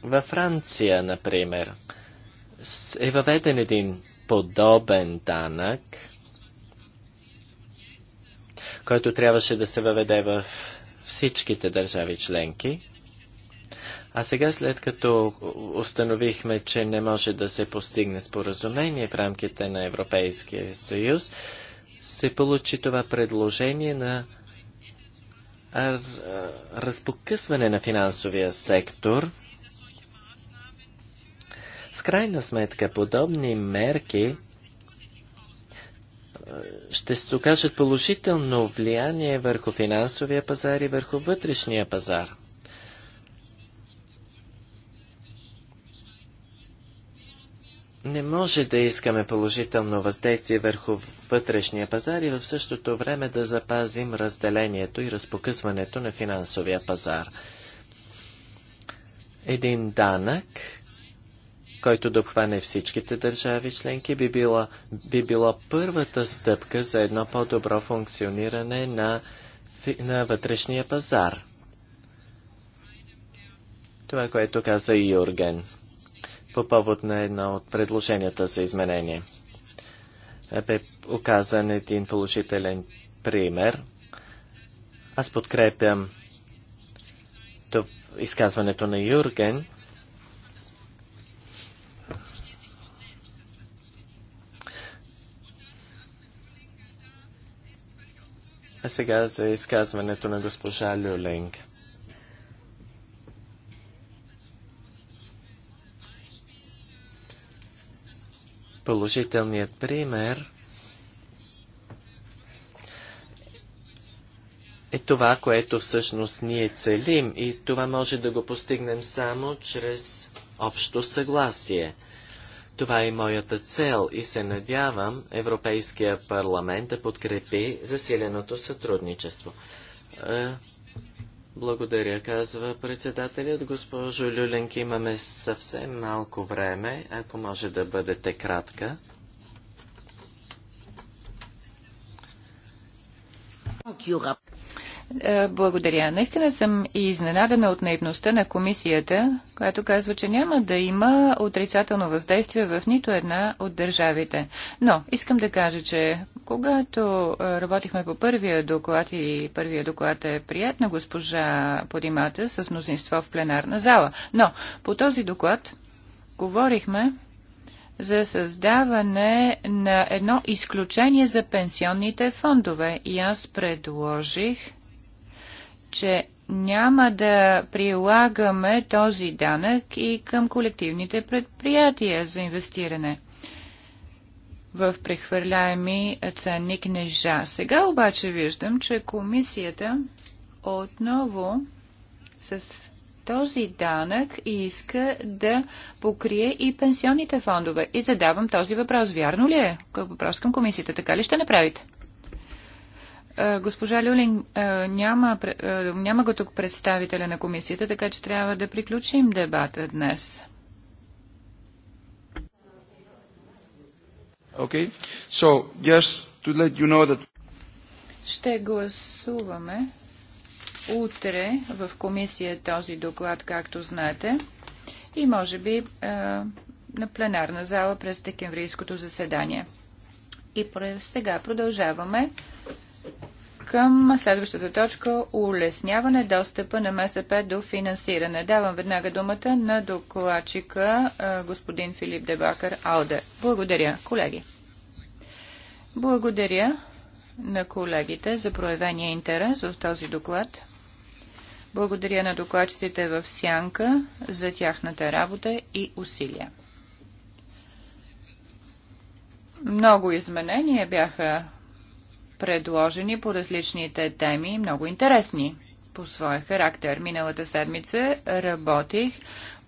Във Франция, например, е въведен един подобен данък – който трябваше да се въведе в всичките държави членки. А сега, след като установихме, че не може да се постигне споразумение в рамките на Европейския съюз, се получи това предложение на разпокъсване на финансовия сектор. В крайна сметка, подобни мерки ще се окажат положително влияние върху финансовия пазар и върху вътрешния пазар. Не може да искаме положително въздействие върху вътрешния пазар и в същото време да запазим разделението и разпокъсването на финансовия пазар. Един данък, който да обхване всичките държави членки, би била, би била първата стъпка за едно по-добро функциониране на, на вътрешния пазар. Това, което каза и Юрген по повод на едно от предложенията за изменение. Е, бе оказан един положителен пример. Аз подкрепям изказването на Юрген, А сега за изказването на госпожа Люлинг. Положителният пример е това, което всъщност ние целим и това може да го постигнем само чрез общо съгласие. Това е моята цел и се надявам Европейския парламент да подкрепи засиленото сътрудничество. Е, благодаря, казва председателят. Госпожо Люленки, имаме съвсем малко време, ако може да бъдете кратка. Е, благодаря. Наистина съм и изненадана от наивността на комисията, която казва, че няма да има отрицателно въздействие в нито една от държавите. Но искам да кажа, че когато е, работихме по първия доклад и първия доклад е прият на госпожа Подимата с мнозинство в пленарна зала, но по този доклад говорихме за създаване на едно изключение за пенсионните фондове и аз предложих че няма да прилагаме този данък и към колективните предприятия за инвестиране в прехвърляеми ценни книжа. Сега обаче виждам, че комисията отново с този данък иска да покрие и пенсионните фондове. И задавам този въпрос. Вярно ли е? Въпрос към комисията. Така ли ще направите? Е, госпожа Люлин, е, няма, е, няма го тук представителя на комисията, така че трябва да приключим дебата днес. Okay. So, just to let you know that... Ще гласуваме утре в комисия този доклад, както знаете, и може би на пленарна зала през декемврийското заседание. И сега продължаваме към следващата точка улесняване достъпа на МСП до финансиране. Давам веднага думата на докладчика господин Филип Дебакър Алде. Благодаря, колеги. Благодаря на колегите за проявения интерес в този доклад. Благодаря на докладчиците в Сянка за тяхната работа и усилия. Много изменения бяха предложени по различните теми, много интересни по своя характер. Миналата седмица работих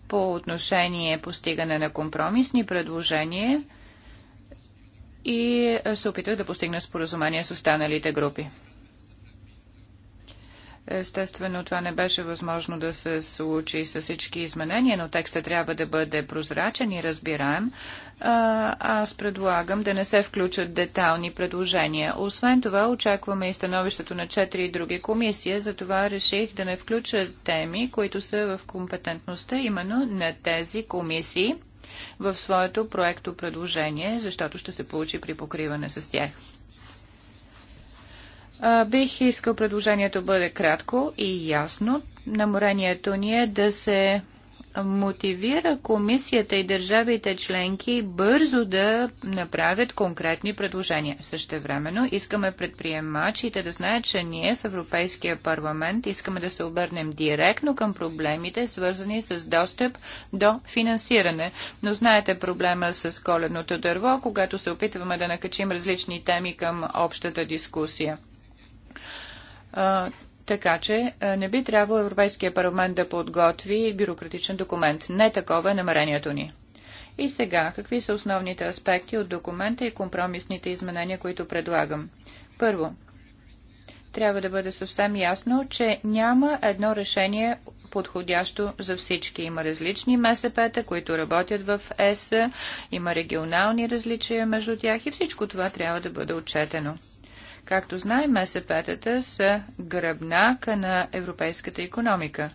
по отношение постигане на компромисни предложения и се опитах да постигна споразумение с останалите групи. Естествено, това не беше възможно да се случи с всички изменения, но текста трябва да бъде прозрачен и разбираем. А, аз предлагам да не се включат детални предложения. Освен това, очакваме и становището на четири други комисии, затова реших да не включа теми, които са в компетентността именно на тези комисии в своето проекто предложение, защото ще се получи при покриване с тях. Бих искал предложението бъде кратко и ясно. Намерението ни е да се мотивира комисията и държавите членки бързо да направят конкретни предложения. времено искаме предприемачите да знаят, че ние в Европейския парламент искаме да се обърнем директно към проблемите, свързани с достъп до финансиране. Но знаете проблема с коледното дърво, когато се опитваме да накачим различни теми към общата дискусия така че не би трябвало Европейския парламент да подготви бюрократичен документ. Не такова е намерението ни. И сега, какви са основните аспекти от документа и компромисните изменения, които предлагам? Първо, трябва да бъде съвсем ясно, че няма едно решение подходящо за всички. Има различни МСП-та, които работят в ЕС, има регионални различия между тях и всичко това трябва да бъде отчетено. Както знаем, МСП-тата са гръбнака на европейската економика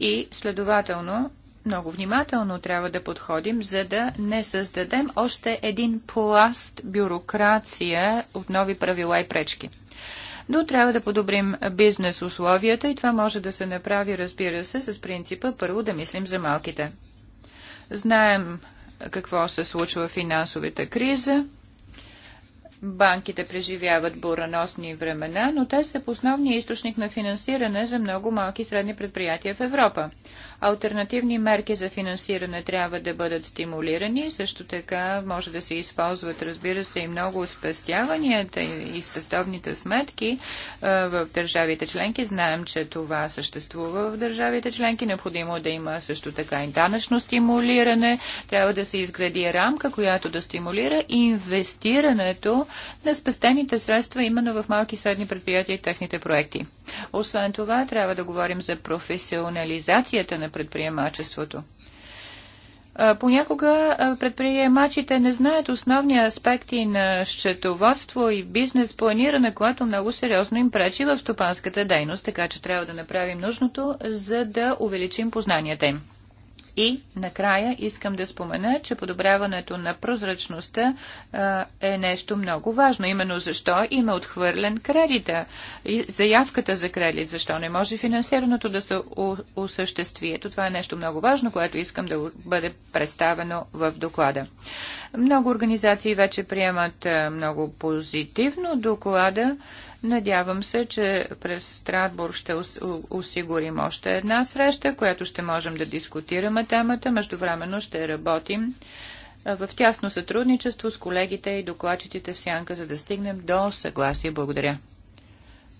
и, следователно, много внимателно трябва да подходим, за да не създадем още един пласт бюрокрация от нови правила и пречки. Но трябва да подобрим бизнес условията и това може да се направи, разбира се, с принципа първо да мислим за малките. Знаем какво се случва в финансовата криза, банките преживяват бураносни времена, но те са основния източник на финансиране за много малки и средни предприятия в Европа. Альтернативни мерки за финансиране трябва да бъдат стимулирани. Също така може да се използват, разбира се, и много спестяванията и спестовните сметки в държавите членки. Знаем, че това съществува в държавите членки. Необходимо е да има също така и данъчно стимулиране. Трябва да се изгради рамка, която да стимулира инвестирането на спестените средства именно в малки и средни предприятия и техните проекти. Освен това, трябва да говорим за професионализацията на предприемачеството. Понякога предприемачите не знаят основни аспекти на счетоводство и бизнес планиране, което много сериозно им пречи в стопанската дейност, така че трябва да направим нужното, за да увеличим познанията им. И накрая искам да спомена, че подобряването на прозрачността а, е нещо много важно. Именно защо има отхвърлен кредита и заявката за кредит, защо не може финансирането да се осъществи. Ето това е нещо много важно, което искам да бъде представено в доклада. Много организации вече приемат много позитивно доклада. Надявам се, че през Страсбург ще осигурим още една среща, която ще можем да дискутираме темата. Междувременно ще работим в тясно сътрудничество с колегите и докладчиците в Сянка, за да стигнем до съгласие. Благодаря.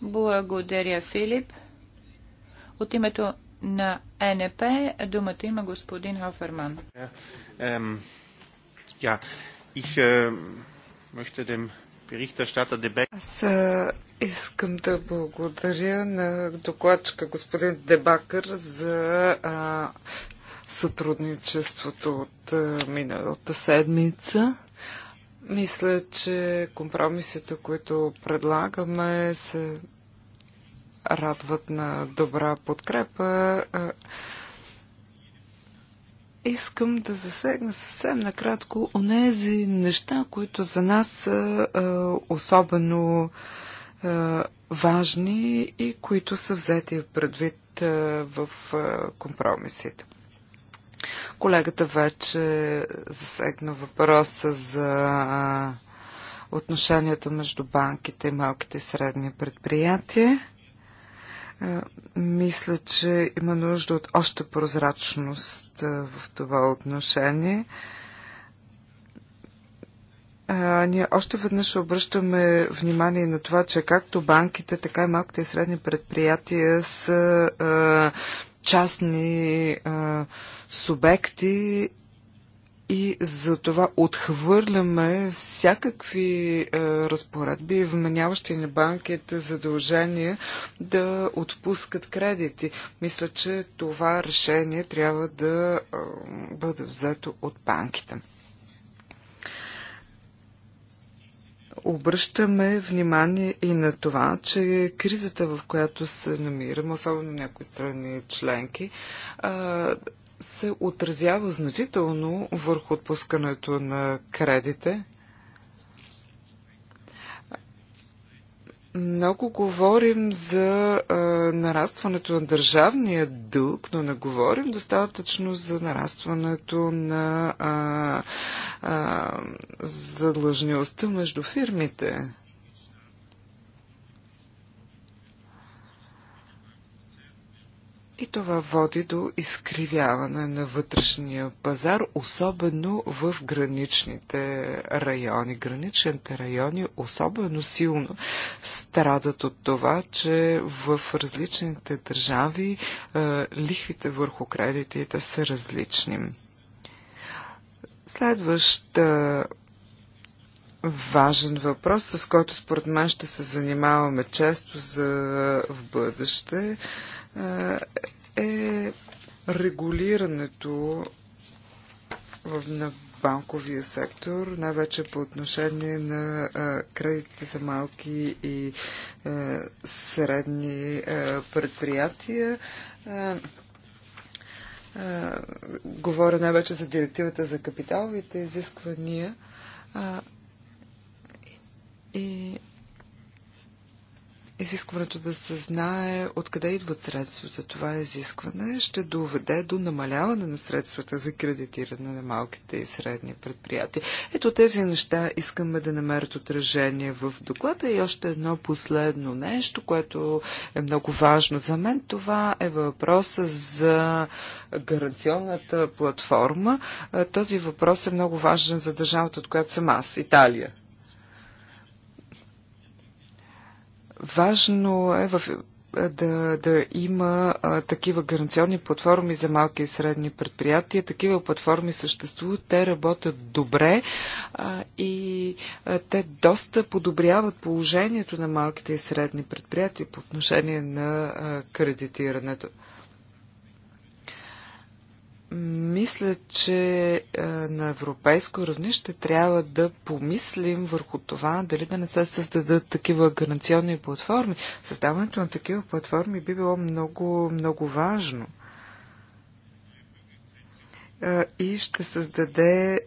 Благодаря, Филип. От името на НП думата има господин Хоферман. Yeah. Um, yeah. Ich, uh, möchte dem аз искам да благодаря на докладчика господин Дебакър за а, сътрудничеството от а, миналата седмица. Мисля, че компромисите, които предлагаме, се радват на добра подкрепа. А, Искам да засегна съвсем накратко онези неща, които за нас са е, особено е, важни и които са взети предвид е, в е, компромисите. Колегата вече засегна въпроса за отношенията между банките и малките и средни предприятия. Мисля, че има нужда от още прозрачност в това отношение. ние още веднъж обръщаме внимание на това, че както банките, така и малките и средни предприятия са частни субекти и за това отхвърляме всякакви е, разпоредби, вменяващи на банките задължения да отпускат кредити. Мисля, че това решение трябва да е, бъде взето от банките. обръщаме внимание и на това, че кризата, в която се намираме, особено в някои страни членки, е, се отразява значително върху отпускането на кредите. Много говорим за а, нарастването на държавния дълг, но не говорим достатъчно за нарастването на а, а, задлъжнилостта между фирмите. И това води до изкривяване на вътрешния пазар, особено в граничните райони. Граничните райони особено силно страдат от това, че в различните държави е, лихвите върху кредитите са различни. Следваща е, важен въпрос, с който според мен ще се занимаваме често за в бъдеще. Е, е, е регулирането в, на банковия сектор, най-вече по отношение на кредитите за малки и средни предприятия. говоря най-вече за директивата за капиталовите изисквания. и изискването да се знае откъде идват средствата, това изискване ще доведе до намаляване на средствата за кредитиране на малките и средни предприятия. Ето тези неща искаме да намерят отражение в доклада и още едно последно нещо, което е много важно за мен. Това е въпроса за гаранционната платформа. Този въпрос е много важен за държавата, от която съм аз, Италия. Важно е в е, да, да има а, такива гаранционни платформи за малки и средни предприятия. Такива платформи съществуват, те работят добре а, и а, те доста подобряват положението на малките и средни предприятия по отношение на а, кредитирането. Мисля, че е, на европейско равнище трябва да помислим върху това дали да не се създадат такива гаранционни платформи. Създаването на такива платформи би било много, много важно и ще създаде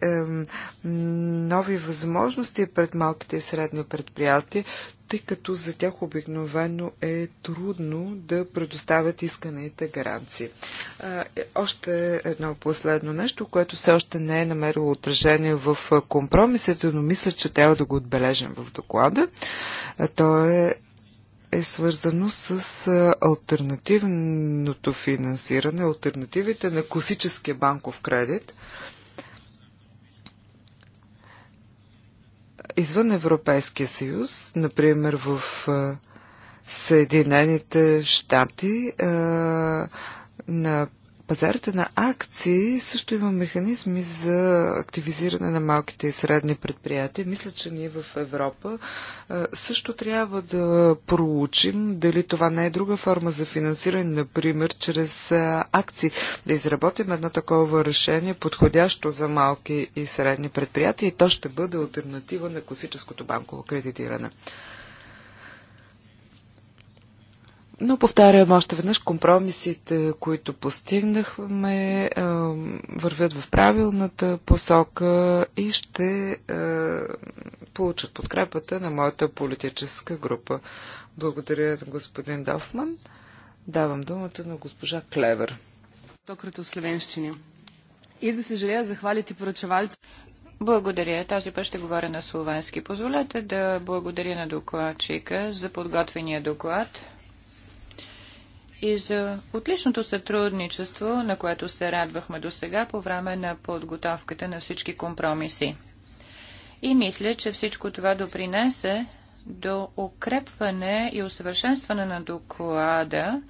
нови възможности пред малките и средни предприятия, тъй като за тях обикновено е трудно да предоставят исканите гаранции. Още едно последно нещо, което все още не е намерило отражение в компромисите, но мисля, че трябва да го отбележим в доклада. То е е свързано с альтернативното финансиране, альтернативите на класическия банков кредит. Извън Европейския съюз, например в Съединените щати, на пазарите на акции също има механизми за активизиране на малките и средни предприятия. Мисля, че ние в Европа също трябва да проучим дали това не е друга форма за финансиране, например, чрез акции. Да изработим едно такова решение, подходящо за малки и средни предприятия и то ще бъде альтернатива на класическото банково кредитиране. Но повтарям още веднъж, компромисите, които постигнахме, вървят в правилната посока и ще получат подкрепата на моята политическа група. Благодаря господин Дофман. Давам думата на госпожа Клевер. Токrat v slovenščini. Jaz bi se želela Благодаря. Тази път ще говоря на словенски. Позволете да благодаря на докладчика за подготвения доклад и за отличното сътрудничество, на което се радвахме до сега по време на подготовката на всички компромиси. И мисля, че всичко това допринесе до укрепване и усъвършенстване на доклада.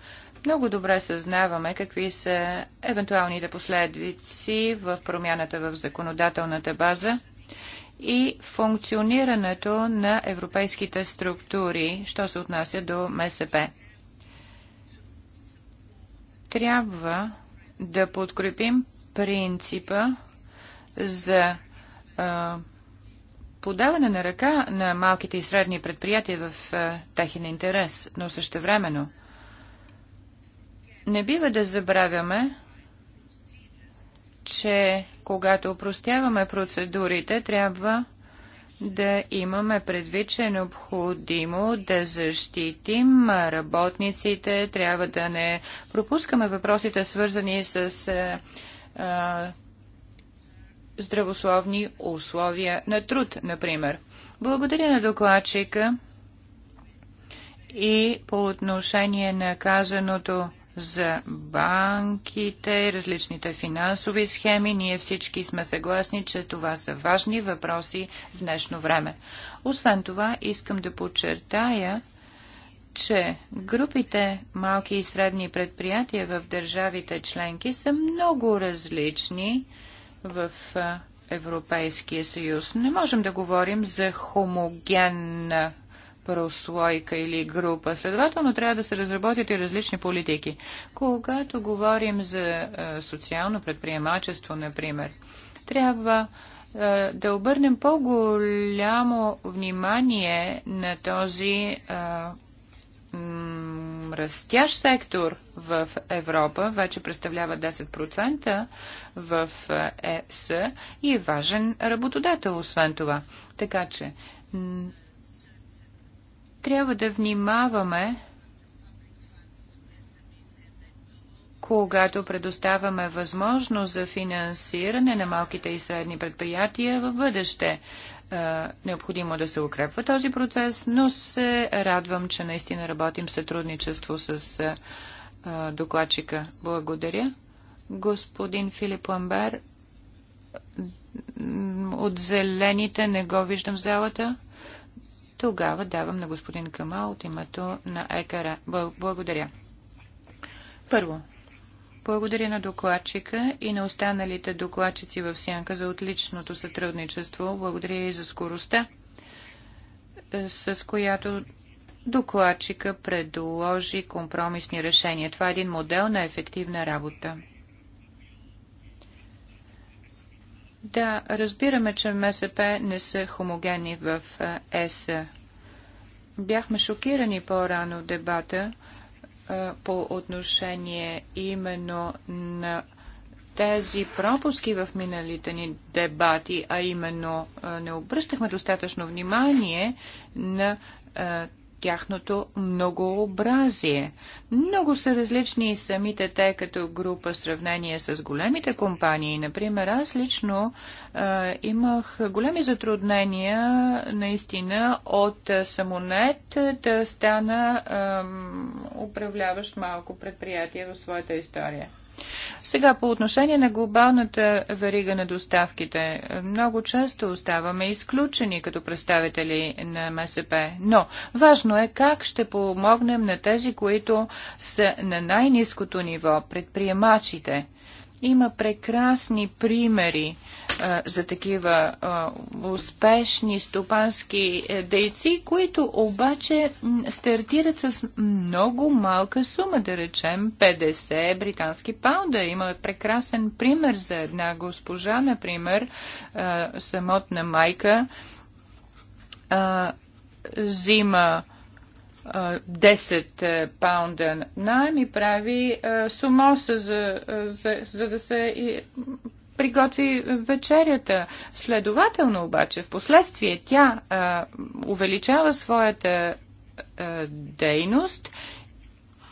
Много добре съзнаваме какви са евентуалните последици в промяната в законодателната база и функционирането на европейските структури, що се отнася до МСП трябва да подкрепим принципа за подаване на ръка на малките и средни предприятия в а, техен интерес, но същевременно не бива да забравяме, че когато упростяваме процедурите, трябва да имаме предвид, че е необходимо да защитим работниците. Трябва да не пропускаме въпросите, свързани с е, е, здравословни условия на труд, например. Благодаря на докладчика и по отношение на казаното за банките, различните финансови схеми. Ние всички сме съгласни, че това са важни въпроси в днешно време. Освен това, искам да подчертая, че групите малки и средни предприятия в държавите членки са много различни в Европейския съюз. Не можем да говорим за хомогенна прослойка или група. Следователно трябва да се разработят и различни политики. Когато говорим за е, социално предприемачество, например, трябва е, да обърнем по-голямо внимание на този е, растящ сектор в Европа, вече представлява 10% в ЕС и е важен работодател, освен това. Така че трябва да внимаваме, когато предоставяме възможност за финансиране на малките и средни предприятия в бъдеще. Е, необходимо да се укрепва този процес, но се радвам, че наистина работим в сътрудничество с е, е, докладчика. Благодаря. Господин Филип Ламбер, от зелените не го виждам в залата. Тогава давам на господин Камал от името на ЕКРА. Благодаря. Първо, благодаря на докладчика и на останалите докладчици в Сянка за отличното сътрудничество. Благодаря и за скоростта, е, с която докладчика предложи компромисни решения. Това е един модел на ефективна работа. Да, разбираме, че МСП не са хомогени в ЕСА. Бяхме шокирани по-рано от дебата по отношение именно на тези пропуски в миналите ни дебати, а именно не обръщахме достатъчно внимание на тяхното многообразие. Много са различни и самите те като група в сравнение с големите компании. Например, аз лично а, имах големи затруднения наистина от самонет да стана а, управляващ малко предприятие в своята история. Сега по отношение на глобалната верига на доставките, много често оставаме изключени като представители на МСП, но важно е как ще помогнем на тези, които са на най-низкото ниво, предприемачите. Има прекрасни примери за такива успешни стопански е, дейци, които обаче стартират с много малка сума, да речем 50 британски паунда. Има прекрасен пример за една госпожа, например, самотна майка, взима 10 е, паунда найем и прави е, сумоса, за, за, за да се приготви вечерята. Следователно обаче, в последствие тя а, увеличава своята а, дейност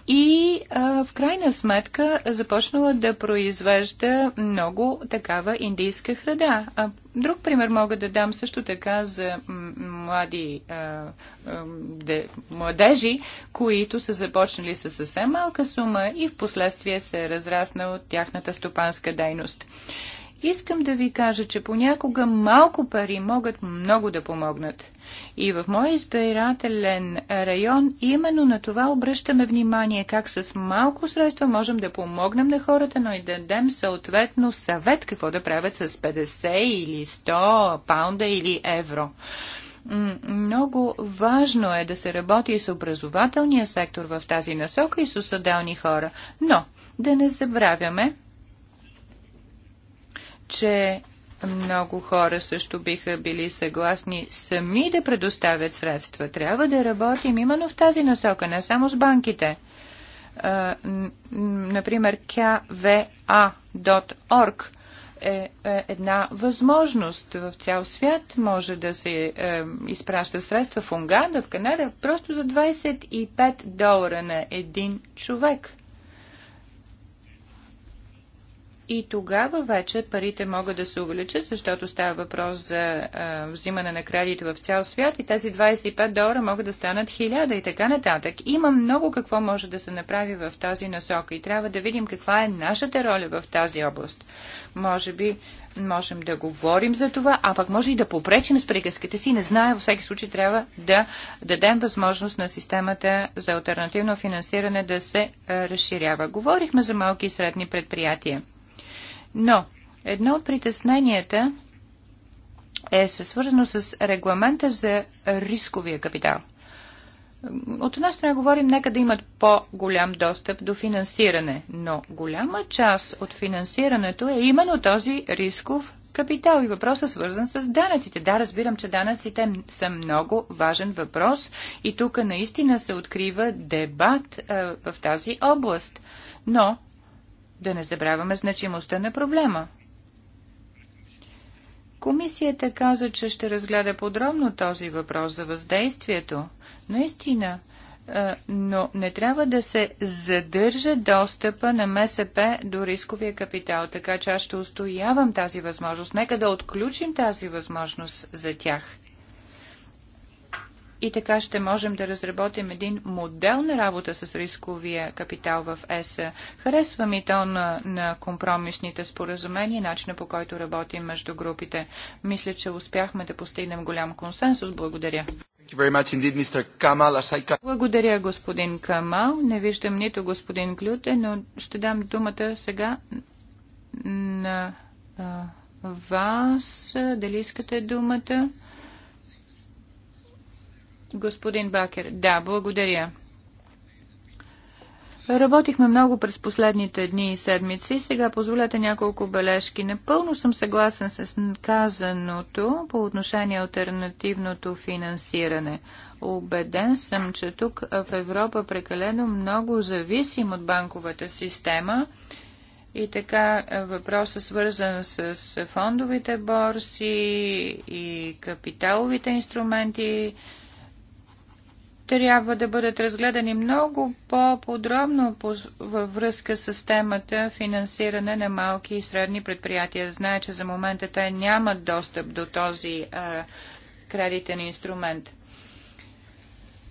и а, в крайна сметка започнала да произвежда много такава индийска храда. А, друг пример мога да дам също така за млади а, а, де, младежи, които са започнали с съвсем малка сума и в последствие се е от тяхната стопанска дейност. Искам да ви кажа, че понякога малко пари могат много да помогнат. И в моя избирателен район именно на това обръщаме внимание, как с малко средства можем да помогнем на хората, но и да дадем съответно съвет какво да правят с 50 или 100 паунда или евро. Много важно е да се работи и с образователния сектор в тази насока и с осъделни хора. Но да не забравяме, че много хора също биха били съгласни сами да предоставят средства. Трябва да работим именно в тази насока, не само с банките. Например, kva.org е, е една възможност. В цял свят може да се е, изпраща средства в Унганда, в Канада, просто за 25 долара на един човек – и тогава вече парите могат да се увеличат, защото става въпрос за а, взимане на кредит в цял свят и тези 25 долара могат да станат 1000 и така нататък. Има много какво може да се направи в тази насока и трябва да видим каква е нашата роля в тази област. Може би можем да говорим за това, а пък може и да попречим с приказките си. Не знае, във всеки случай трябва да дадем възможност на системата за альтернативно финансиране да се разширява. Говорихме за малки и средни предприятия. Но едно от притесненията е свързано с регламента за рисковия капитал. От една страна говорим, нека да имат по-голям достъп до финансиране, но голяма част от финансирането е именно този рисков капитал и въпросът е свързан с данъците. Да, разбирам, че данъците са много важен въпрос и тук наистина се открива дебат а, в тази област. Но да не забравяме значимостта на проблема. Комисията каза, че ще разгледа подробно този въпрос за въздействието. Наистина, но не трябва да се задържа достъпа на МСП до рисковия капитал, така че аз ще устоявам тази възможност. Нека да отключим тази възможност за тях и така ще можем да разработим един модел на работа с рисковия капитал в ЕСА. Харесва ми то на, на компромисните споразумения, начина по който работим между групите. Мисля, че успяхме да постигнем голям консенсус. Благодаря. Благодаря, господин Камал. Не виждам нито господин Клюте, но ще дам думата сега на вас. Дали искате думата? Господин Бакер, да, благодаря. Работихме много през последните дни и седмици. Сега позволете няколко бележки. Напълно съм съгласен с казаното по отношение альтернативното финансиране. Обеден съм, че тук в Европа прекалено много зависим от банковата система. И така е, въпросът свързан с фондовите борси и капиталовите инструменти, трябва да бъдат разгледани много по-подробно по, във връзка с темата финансиране на малки и средни предприятия. Знае, че за момента те нямат достъп до този а, кредитен инструмент.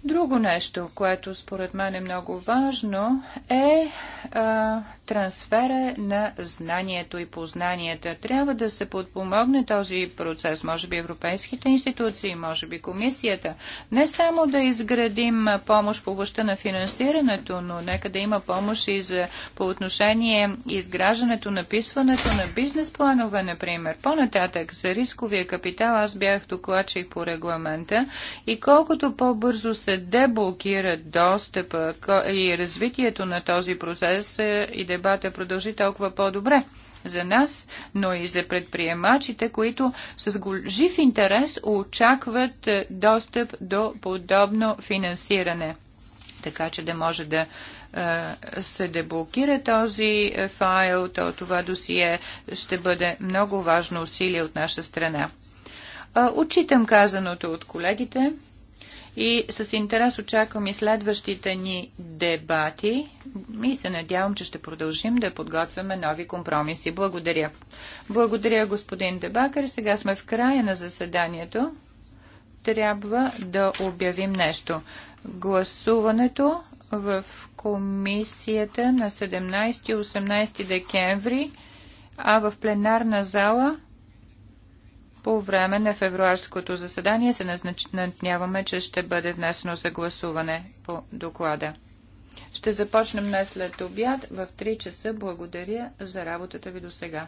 Друго нещо, което според мен е много важно, е а, трансфера на знанието и познанията. Трябва да се подпомогне този процес, може би европейските институции, може би комисията. Не само да изградим помощ по въща на финансирането, но нека да има помощ и за, по отношение изграждането, написването на бизнес планове, например. По-нататък за рисковия капитал аз бях докладчик по регламента и колкото по-бързо се се деблокира достъпа и развитието на този процес е, и дебата продължи толкова по-добре за нас, но и за предприемачите, които с жив интерес очакват е, достъп до подобно финансиране. Така че да може да е, се деблокира този файл, то това досие ще бъде много важно усилие от наша страна. Отчитам казаното от колегите и с интерес очаквам и следващите ни дебати и се надявам, че ще продължим да подготвяме нови компромиси. Благодаря. Благодаря, господин Дебакър. Сега сме в края на заседанието. Трябва да обявим нещо. Гласуването в комисията на 17-18 декември, а в пленарна зала по време на февруарското заседание се назначаваме, че ще бъде внесено за гласуване по доклада. Ще започнем днес след обяд в 3 часа. Благодаря за работата ви до сега.